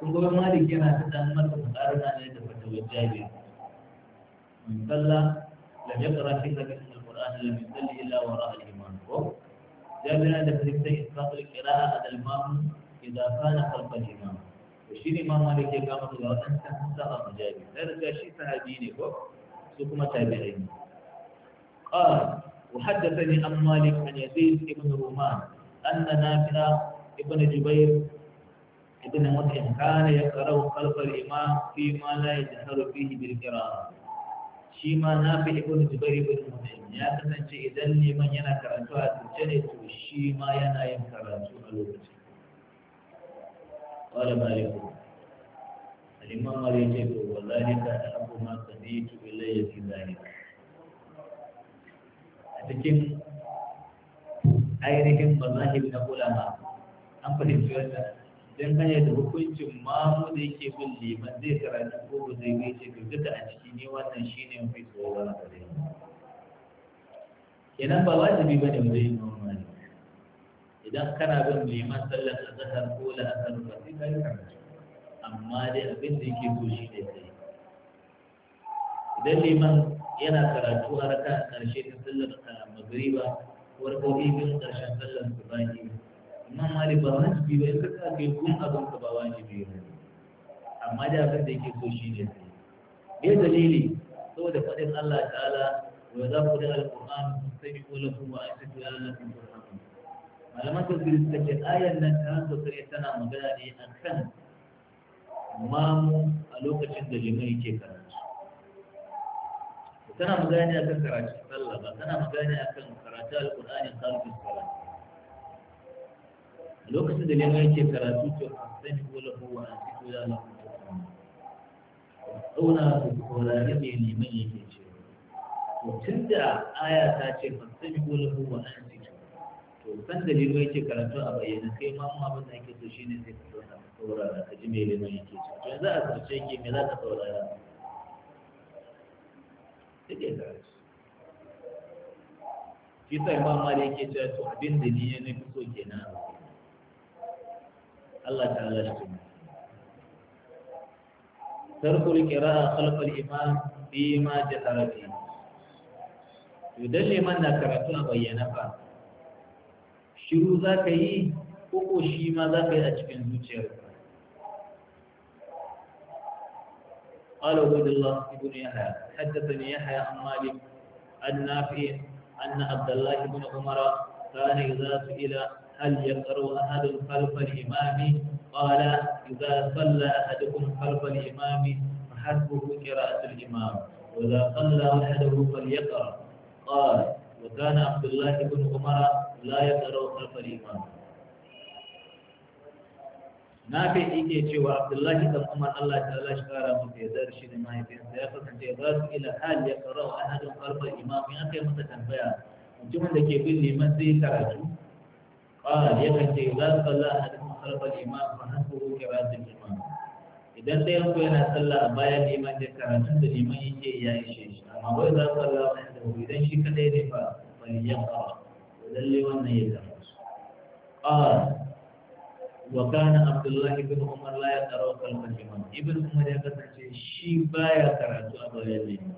kun gobe malik yana ta dan masa mukarana ne da fatawar jabir min salla lam yaqra fi sabili alquran lam yusalli illa wara al-imam ko jabir da fitin isaqul qira'a al-imam idza kana khalfa al-imam to shi ne imam malik ya kama da waɗansu sun saba mujabi na riga shi sahabi ne ko su kuma tabi'ai ne qala وحدثني عن مالك عن يزيد بن رومان أن نافع بن جبير بن مطعم كان يقرأ خلف الإمام فيما لا يجهر فيه بالقراءة شيما نافع بن جبير بن مطعم يا كسنتي إذا لمن ينا كراتو أتجني شيما ينا ينكراتو ألوكتي قال مالك الإمام مالك يقول وذلك أحب ما سمعت إلي في ذلك cikin ainihin mazahib na ulama an fahimci wannan don hanyar da hukuncin mamu da yake bin liman zai karanta ko ba zai yi ce ga duka a ciki ne wannan shi ne mafi tsoron gare kenan ba wajibi ba ne wajen yin mamani idan kana bin liman sallar azhar ko la'asar ba sai ka yi amma dai abin da yake so shi ne sai idan liman yana karatu a raka karshe ta sallar magriba ko rakoki bin karshen sallar subhani imam mali ba wajibi ba in ka ka kai kun abin ka ba jibi ba amma dai abin da yake so shi ne sai me dalili saboda faɗin Allah ta'ala wa za ku da alquran sai ku lafu wa asitu ya na turhamu malaman tafsiri suka ce ayan nan karan tafsiri tana magana ne a kan mamu a lokacin da limai ke karatu tana magana ne a kan karatu sallah ba tana magana ne a kan karatu alƙur'ani kalfin sallah lokacin da limai ke karatu to a sani ko lafi wa an fito ya kuma tsauna ku saurari mai liman yake cewa to tun da aya ta ce fasani ko lafi wa an san dalilu yake karatu a bayyana kai ma mun abin da yake so shine sai ka zauna ka saurara ka ji me liman yake so to yanzu a sarce yake me za ka saurara take da shi ma ma da yake cewa to abin da ni ya nufi so kenan Allah ta Allah shi kuma tarkul qira'a khalf al-imam fi ma jahara bi to dan na karatu a bayyana fa شروع za کئی او ko shi ma کئی ka yi a قال عبد الله بن يحيى حدثني يحيى عن مالك عن نافع أن عبد الله بن عمر كان إذا سئل هل يقرأ أحد خلف الإمام قال إذا صلى أحدكم خلف الإمام فحسبه قراءة الإمام وإذا صلى احدكم فليقرأ قال وكان عبد الله بن عمر لا يقرأ خلف الإمام نافع yake cewa Abdullahi dan Umar Allah ta'ala shi kara mu da yadda shi ya kasance ba su ila hal ya qara'u ahadun khalfa imam in aka yi masa tambaya mutumin da ke bin liman zai karatu qala ya kace la salla ahadun khalfa imam fa hasbuhu qira'atu imam idan sai yana sallah a bayan liman da karatun da liman yake ya ishe shi amma wai za salla wani dabbobi dan shi kadai ne ba bai yanka ba lalle wannan ya zama su qala wa kana abdullahi ibn umar la yaqra'u kalmat iman ibn umar ya kasance shi baya karatu a bayan liman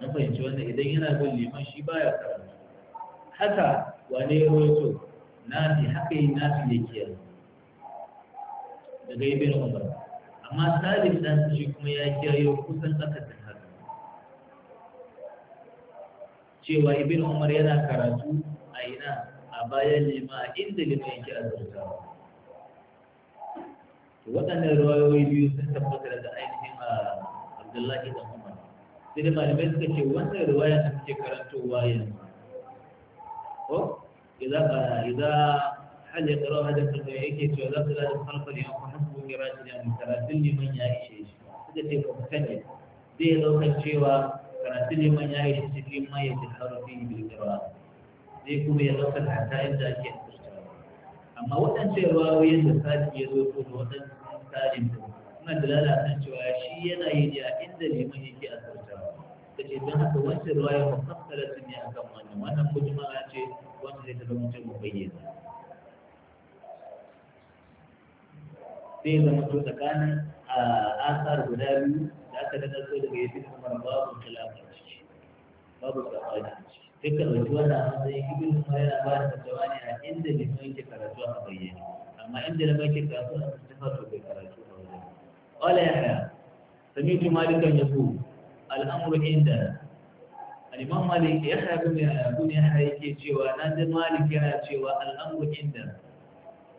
na fahimci wannan idan yana bin liman shi baya karatu haka wane ya rawaito nafi haka yi nafi ya kiyar daga ibn umar amma salim dan shi kuma ya kiyaye kusan tsakatin cewa ibn umar yana karatu a ina a bayan lima inda lima yake to waɗannan ruwayoyi biyu sun tabbata daga ainihin a ah, abdullahi da umar sai da malamai suka ce wannan ruwaya da suke karantowa yanzu ko idza ah, idza hal ya qara hada kalma yake cewa za su da kalfar ya kuma hasbu mirajin ya karatun liman ya ishe shi suka ce ba ku sani zai ɗaukar cewa كان سليم من يعيد السليم ما يتكرر فيه بالقراءة ذي كم يغفل حتى يبدأ الكهن أما وطن شواوية الفاتح يدوكو الوطن سالم ما دلالة عن شواشية لا في المتوسط حدثنا سيد بن عمر باب خلاف المشي باب الاقوال فيك الرجوان هذا يجيب ما يلعبان الجواني عند لفنك كرجوة بيين أما عند لفنك كرجوة استفاد بك كرجوة بيين قال يا حيا سمعت مالك يقول الأمر عندنا يعني ما مالك يا حيا بني يا بني يا حيا نادى مالك يا حيا الأمر عندنا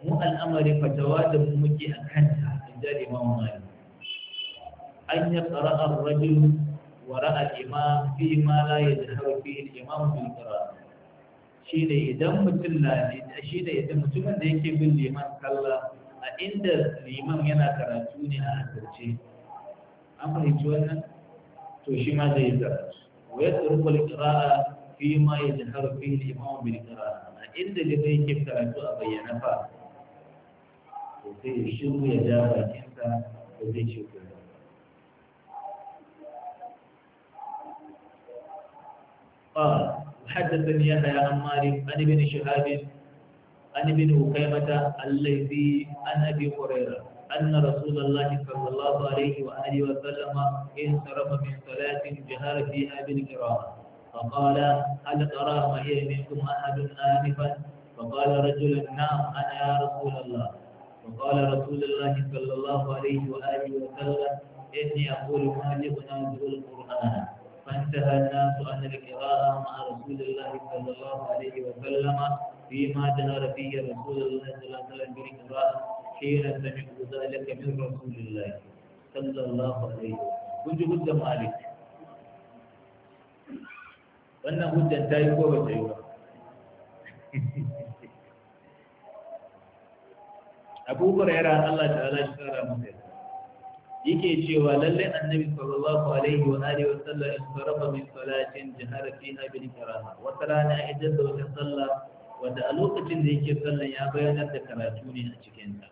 مو الأمر فتواتم مجي أكنتها إذا لما مالك أن يقرأ الرجل وراء الإمام فيما da يجهر فيه الإمام بالقراءة shi ne idan mutum na shi da idan mutumin da yake bin liman kalla a inda liman yana karatu ne a hankalce an fahimci wannan to shi ma zai yi karatu wa ya tsarku alƙira'a fi ma ya jihar fi liman bin qira'a a inda liman yake karatu a bayyana fa to sai ya shiru ya ja bakinsa da zai ce kuma قال حدثني يحيى عن مالك عن ابن شهاب عن ابن أخيمة الذي عن أبي هريرة أن رسول الله صلى الله عليه وآله وسلم انصرف من صلاة جهر فيها بالقراءة فقال هل ترى ما هي منكم أحد آنفا فقال رجل نعم أنا يا رسول الله فقال رسول الله صلى الله عليه وآله وسلم إني أقول ما لي القرآن فانتهى الناس عن القراءة مع رسول الله صلى الله عليه وسلم فيما جهر فيه رسول الله صلى الله عليه وسلم بالقراءة حين سمعوا ذلك من رسول الله صلى الله عليه وسلم كنت قلت مالك وانا hujjan ta yi أبو ba ta الله تعالى abu hurairah yake cewa lalle annabi sallallahu alaihi wa alihi wa sallam istaraba min salatin jahara fi abin karaha wa rana ya da wata sallah wanda a lokacin da yake sallan ya bayyana da karatu ne a cikin ta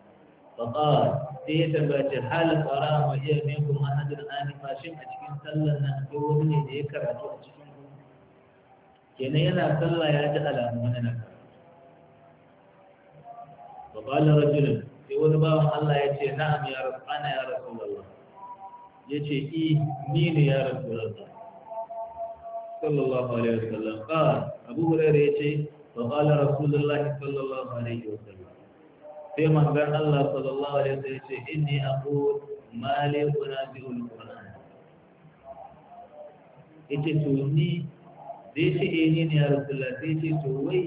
faqal sai ya tabbata hal qara wa kuma minkum ahadun anifa shin a cikin sallan nan ko wani ne da ya karatu a cikin ku kenan yana sallah ya ji alamu na karatu qala rajulun sai wani bawan Allah ya ce na'am ya rasu ana ya rasu Allah ya ce i ni ne ya rasu Allah sallallahu alaihi wasallam ka abu hurairah ya ce wa qala rasulullahi sallallahu alaihi wasallam sai manzon Allah sallallahu alaihi wasallam ya ce inni aqul ma li unazi'ul qur'an ite to ni dai ce eh ni ne ya rasulullahi Allah sai to wai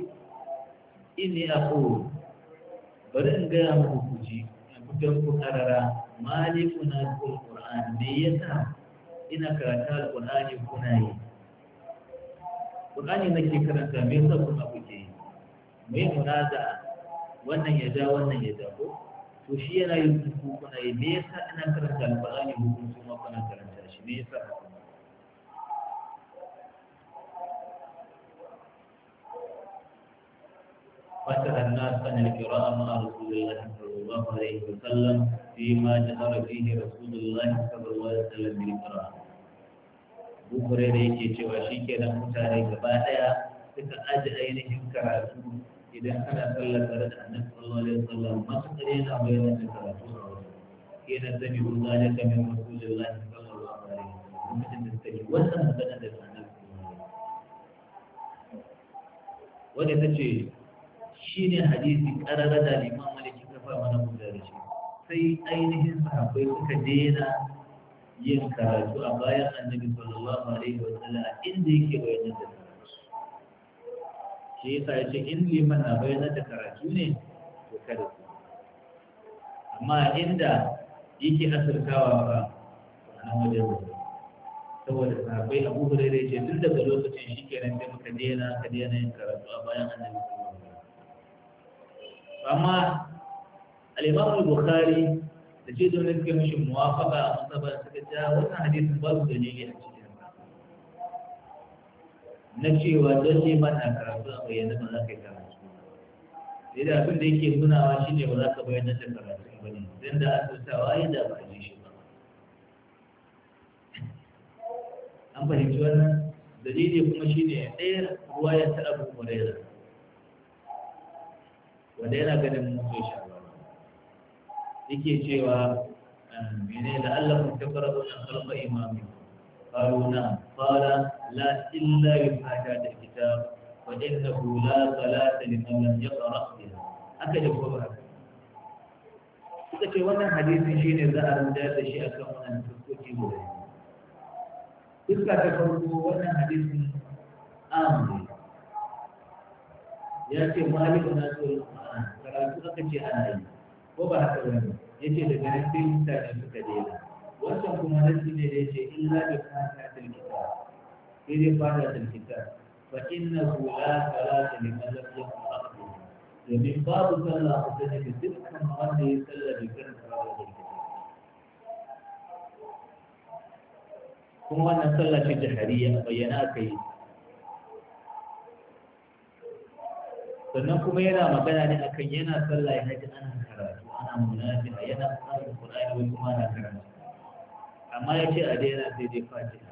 inni aqul bari in gaya muku kuji fitar ku karara malikuna kul qur'an me yasa ina karanta alqur'ani kuna yi qur'ani nake karanta me yasa kuna kuke yi me munaza wannan ya ja wannan ya ja ko to shi yana yin ku kuna yi me yasa ina karanta alqur'ani ku kuma kuna karanta shi me yasa فسأل الناس عن القراءة مع رسول الله صلى الله عليه وسلم فيما جهر فيه رسول الله صلى الله عليه وسلم بالقراءة أبو هريرة يكتب وشيك أنا متعلق بباحية فسأل أينهم كراتو إذا أنا صلى فرد أن صلى الله عليه وسلم ما تقرينا بين الكراتو كان الزمي ذلك من رسول الله صلى الله عليه وسلم ومثل نستجي وسم بنا ذلك أن صلى الله عليه وسلم ولذلك Shi ne hadisi ƙararra da liman kika kafa mana guda da shi sai ainihin sahabbai suka daina yin karatu a bayan annabi sallallahu alaihi wa sallam inda yake bayyana da karatu shi yasa yace in liman na bayyana da karatu ne to kada ku amma inda yake asirtawa ba nan wajen da saboda sahabbai abu hurairu ya ce duk daga lokacin shi kenan sai muka dena ka daina yin karatu a bayan annabi sallallahu amma al'imamu bukhari da ce da ah, wani suke mashi muwafaka a masaba suka ja wannan hadisin ba su dalili a cikin na cewa don ba na karatu a bayyana ba za ka yi karatu sai da abin da yake nunawa shi ne ba za ka bayyana da karatu ba ne don da wa yi da ba a ji shi ba an fahimci wannan dalili kuma shi ne ɗaya ruwa ya ta abu muraira wanda yana ganin mun zai sha yake cewa mene da Allah mun tafara wannan kalma imami qaruna qala la illa da hada al kitab wa innahu la salata liman lam yaqra biha haka da ko ba suka ce wannan hadisi shine za a rinda da shi akan wannan fuskoki guda fuska ta farko wannan hadisin amin ya ce malikuna to karatu aka ce ana yi ko ba haka bane yace daga nan sai mutane suka daina wancan kuma nasi ne da yace illa bi fatihatil kitab sai dai fatihatil kitab fa innahu la salata liman lam yakun aqdu domin babu sallah ku sani da dukkan wanda ya salla da kan fatihatil kitab kuma wannan sallah ce jahariya bayyana aka yi sannan kuma yana magana ne akan yana sallah ya jin ana karatu ana munafiya yana karatu Qur'ani wai kuma ana karatu amma ya ce a daina sai dai fatiha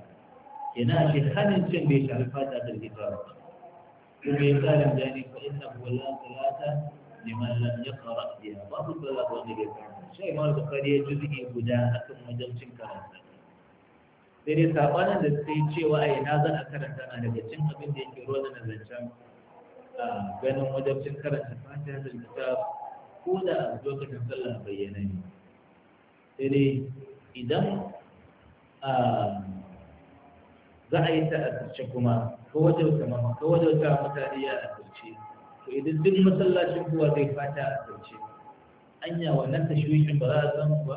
Yana shi hanin cin bai shafi fatiha da kitabu kuma ya tsara gani ko inna wala salata liman lam yaqra biha babu sallah wanda bai karanta shi imam bukhari ya juzu'i guda akan majalcin karanta sai dai sabanin da sai cewa ai na zan a karanta na daga cin abin da yake ruwa da zancen ganin wajabcin karanta fatiha da kitab ko da lokacin sallah bayyana ne sai dai idan za a yi ta asirce kuma ka wajauta mama ka wajauta mutane ya asirce to idan duk masallacin kuwa zai fata a asirce anya wannan tashwishin ba za a samu ba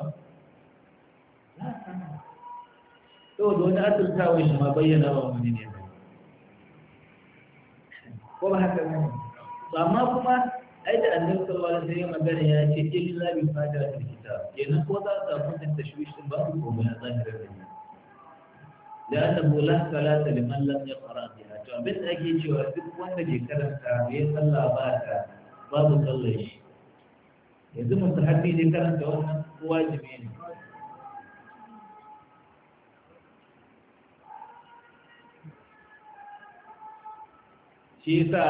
to da wani asirtawa shi ma bayyana ba wani ne ba ko ba haka ne to amma kuma ai da annabi sallallahu alaihi wasallam magana ya ce illa bi fadar kitab Yana ko za ka samu da tashwish din ba ko mai zahirar da ni da annabi la salata liman lam yaqra biha to abin da ake cewa duk wanda bai karanta bai sallah ba ta babu sallar shi yanzu mustahabi ne karanta wannan wajibi ne shi yasa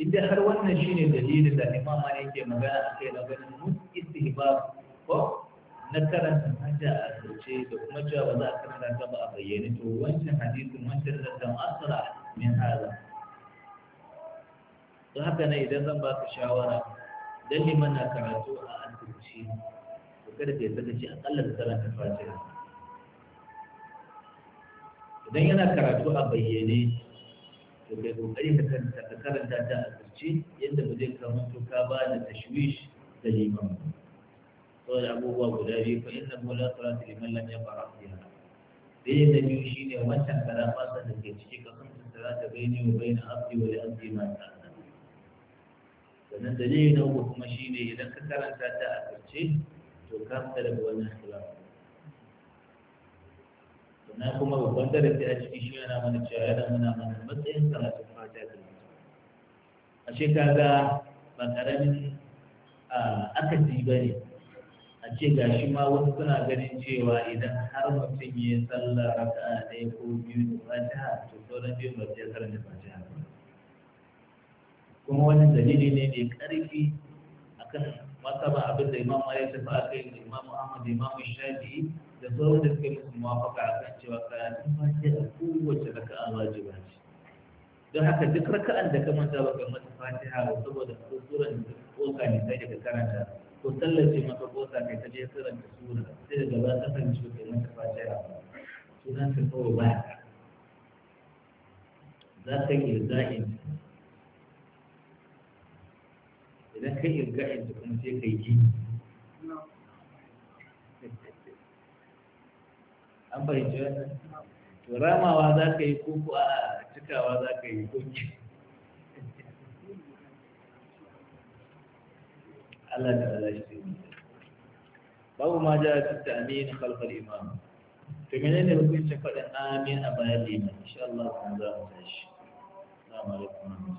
inda har wannan shine dalilin da imam malik ke magana akai na ganin mun istihbab ko na karanta hajja a sauce da kuma cewa ba za a karanta ta ba a bayyane to wancan hadisin wancan da dan asra min hada to haka ne idan zan baka shawara dan liman na karatu a asirci to kada ka yarda shi akalla da karanta fatiha idan yana karatu a bayyane to kai kokari ka karanta karanta ta a zuci yadda ba zai kamanto ka ba da tashwish da liman saboda abubuwa guda biyu fa inna mu la salatu liman lam yaqra fiha dai da biyu shine wancan karama da ke ciki ka san salata baini wa baina abdi wa li abdi ma ta'ala sannan dalili na uku kuma shi ne idan ka karanta ta a zuci to ka fita daga wannan ikhtilaf na kuma babban darasi a cikin shi yana mana cewa yana mana mana matsayin karatun fata da a ce ka ga ba karamin ji ba ne a ce ga shi ma wasu suna ganin cewa idan har mutum ya sallar a ɗaya ko biyu da fata to sauran biyu ba sai karanta fatiha ba kuma wani dalili ne mai ƙarfi akan masaba abin da imamu ya tafi a kai Imam'u ahmad Imam'u shafi'i da sauran da suka yi musu mawafaka a kan cewa karatun fatiha a kowace raka'a wajiba ce don haka duk raka'an da ka manta baka mata fatiha ba saboda ko suran da koka ne sai daga karanta ko sallace maka koka kai ta je karanta sura sai daga ba ta kan ciwo kai mata fatiha sunan ta kawai ba za ka yi za'in idan ka yi za'in kuma sai ka yi an fahimci wannan to ramawa za ka yi koko a cikawa za ka yi koki Allah da Allah shi babu ma ja fi ta'min khalfal imam to menene hukuncin faɗin amin a bayan liman insha Allah kuma za mu tashi assalamu alaikum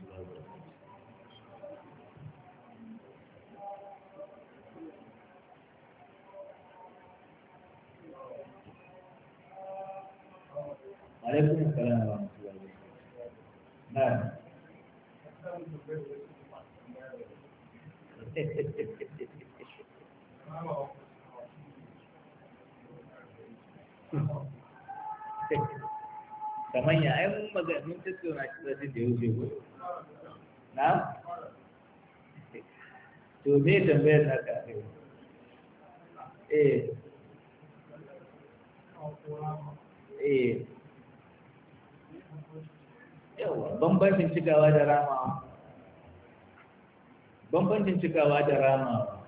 alaikum assalam wa rahmatullahi wa barakatuh kamar ya ai mun maga mun tattauna shi da da yau ko na to me tambayar ta ka eh eh bambancin cikawa da rama bambancin cikawa da rama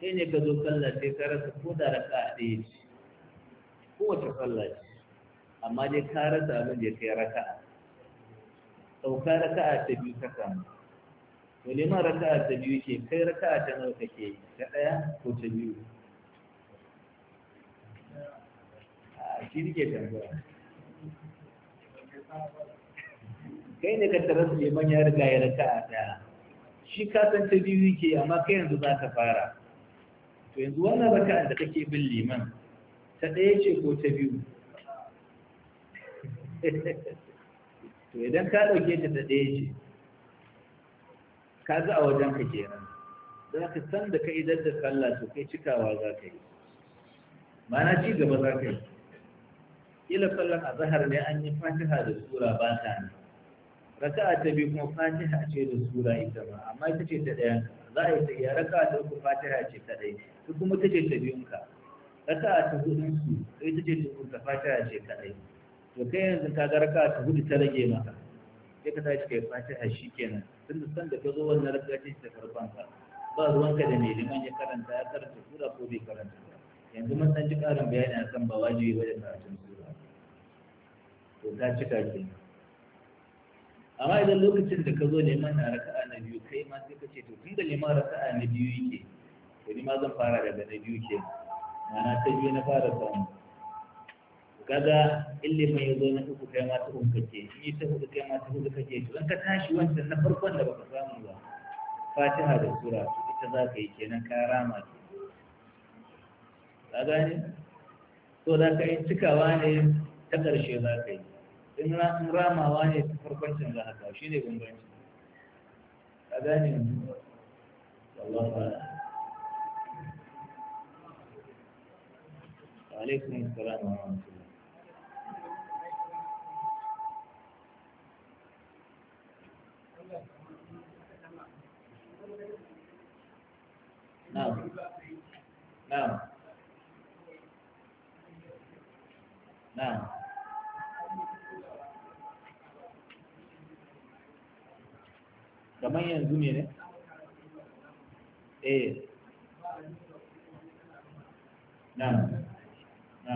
sai ne ka zo kalla sai ka rasa ko da raka ɗaya ce kowace kalla ce amma dai ka rasa abin da ya kai a sauka raka'a ta biyu ta samu to neman a ta biyu ke? kai a ta nawa kake ke? ta ɗaya ko ta biyu a shi nake tambaya kai ne ka tarar neman ya riga ya raka a daya shi ka san ta biyu ke amma kai yanzu za ka fara to yanzu wannan raka da kake bin liman ta ɗaya ce ko ta biyu to idan ka ɗauke ta ta ɗaya ce ka ga a wajen ka kenan za ka san da ka idan da sallah to kai cikawa za ka yi ma'ana ci gaba za ka yi kila sallan azhar ne an yi fatiha da sura ba ta ne raka'a ta biyu kuma fatiha ce da sura ita ma amma ita ce ta ɗaya za a yi ta iya raka'a ta uku fatiha ce ta ɗaya ta kuma ta ce ta biyun ka raka'a ta hudun su ita ce ta uku fatiha ce ta ɗaya to kai yanzu ka ga raka'a ta hudu ta rage maka sai ka tashi kai fatiha shi kenan tun da san da ka zo wannan raka'a ce ta karban ka ba ruwanka da mai liman ya karanta ya karanta sura ko bai karanta ba yanzu mun san ji ƙarin bayani akan ba wajibi wajen karatun sura to ta cika kenan amma idan lokacin da ka zo neman na raka'a na biyu kai ma sai ka ce to tun da neman raka'a na biyu yake to ni ma zan fara daga na biyu ke ma'ana ta biyu na fara samu kaga ille mai yazo na uku kai ma ta uku kake shi ta hudu kai ma ta hudu kake to in ka tashi wancan na farkon da baka samu ba fatiha da sura ita za ka yi kenan ka rama ta ka gane to za ka yi cikawa ne ta ƙarshe za ka yi in ramawa ne ta farkon can za a shi ne bambanci ka gane yanzu Allah ba وعليكم السلام ورحمة kamar yanzu ne ne eh na na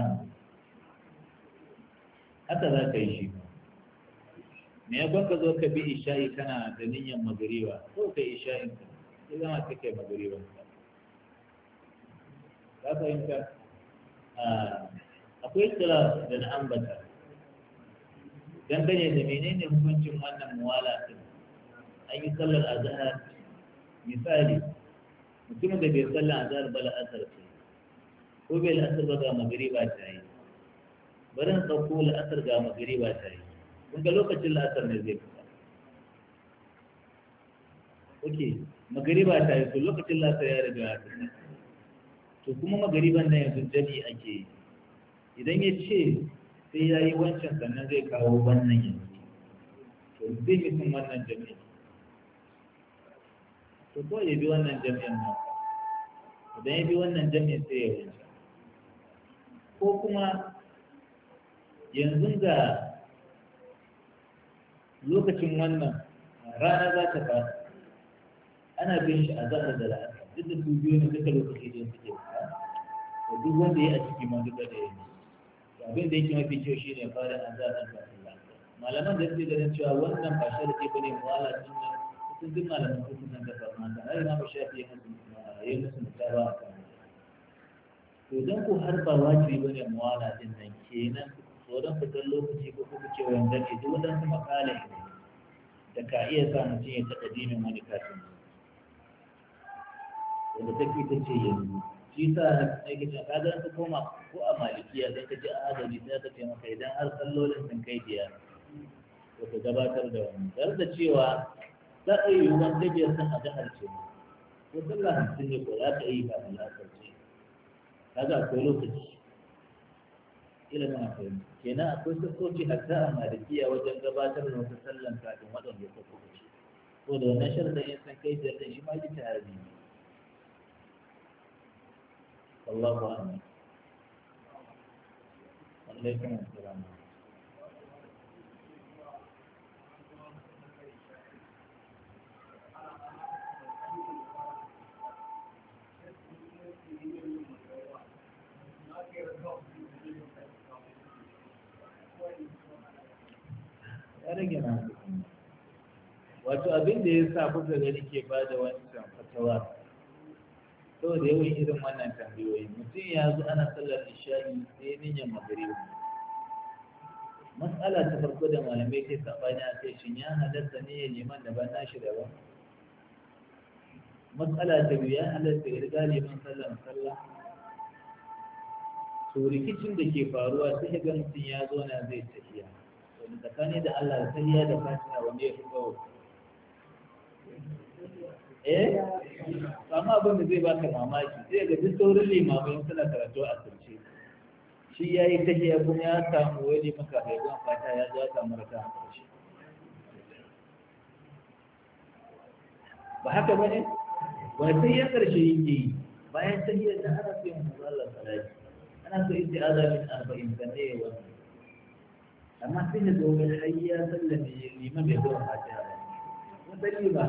haka za ka yi shi me ya baka zo ka bi isha'i kana da niyyar magariba ko ka isha'in ka sai zama take kai magariban ka ka fahimta ah, akwai tsira da na ambata dangane da menene hukuncin wannan muwala ta an yi sallar azhar misali mutumin da bai sallar azhar ba la'asar ce ko bai la'asar ba ga magariba ta yi bari in ɗauko la'asar ga magariba ta yi kun ga lokacin la'asar ne zai fita ok magariba ta yi to lokacin la'asar ya riga ya fita to kuma magariban nan yanzu jami ake yi idan ya ce sai ya yi wancan sannan zai kawo wannan yanzu to zai mutum wannan jami'a to ko ya bi wannan jami'an nan idan ya bi wannan jami'an sai ya wuce ko kuma yanzu ga lokacin wannan rana za ta fa? ana bin shi a zahar da la'asar duk da su biyu ne duka lokaci da suke fara da duk wanda ya a ciki ma duka da ya ne abin da yake mafi kyau shi ne fara a zahar da la'asar malaman da suke ganin cewa wannan ba shi da ke bane mu'ala sun nan sun duk malamin sun kusan da kama ta ai na bashi ya yi musu mutaba a kan to don ku har ba wajibi ba ne muwala din nan kenan tsoron fitar lokaci ko kuka ce wanda ne duk wadansu makala ne da ka iya sa mutum ya taɓa dinin wani kafin wanda take ta ce yanzu shi sa ake cewa ka ga ka koma ko a malikiya sai ka ji a adali sai ka taimaka idan har sallolin sun kai biyar to ka gabatar da wani tare da cewa za a yi yiwuwan ta biyar sun a jihar ce ko sallah hamsin ne ko za ta yi kafin la'asar ce kaga akwai lokaci ilimin akwai kenan akwai sassoci hatta a malikiya wajen gabatar da wata sallan kafin waɗanda ya sako ce ko da wannan da ya san kai biyar ɗin shi ma yi ta harbi ne wallahu a'lam alaikum assalam ta rage wato abin da ya sa kuka gani ke ba da wancan fatawa to da yawan irin wannan tambayoyi mutum ya zo ana sallar nishani sai niyyar magariba matsala ta farko da malamai ke sabani a kai shin ya halatta ne ya neman da ban nashi da ba matsala ta biyu ya halatta ya riga neman sallar sallah to rikicin da ke faruwa sai ga mutum ya zo na zai tafiya arba'in tsakani da Allah ya da fatiha wanda ya fi kawo. eh amma abin da zai baka mamaki zai ga duk saurin limamai suna karatu a turce shi ya yi tahiya kuma ya samu wani maka haifin fata ya ja samu raka a karshe. ba haka ba ne wani sai ya karshe yake yi bayan tahiyar da ana sai mu zalla salati ana so ita azamin arba'in sanne wannan amma sai da domin har ya sallame liman bai zuwa fatiha ba mun sani ba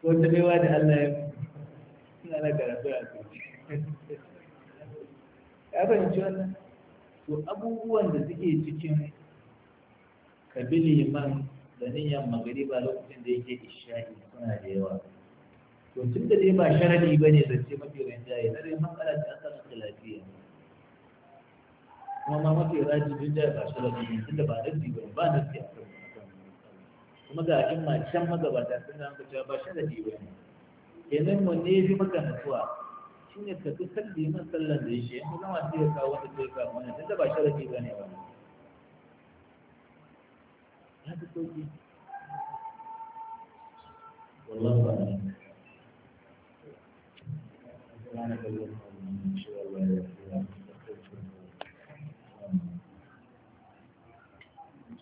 ko ta baiwa da Allah ya suna na karatu a turci ya fahimci wannan to abubuwan da suke cikin kabili man da niyyar ba lokacin da yake isha'i suna da yawa to tun da dai ba sharadi ba ne zance mafi rinjaye na dai matsala ta asalin lafiya kuma ma mafi rajin da ba shi rajin tun da ba rabbi ba ba na siya kuma ga in ma can magabata sun da cewa ba shi rajin ba ne kenan mu ne fi maka nutsuwa shi ne ka fi kalli man sallan da yake in zama sai ya kawo wanda zai kawo wani tun ba shi rajin ba ne ba ya fi sauki wallahu a'lam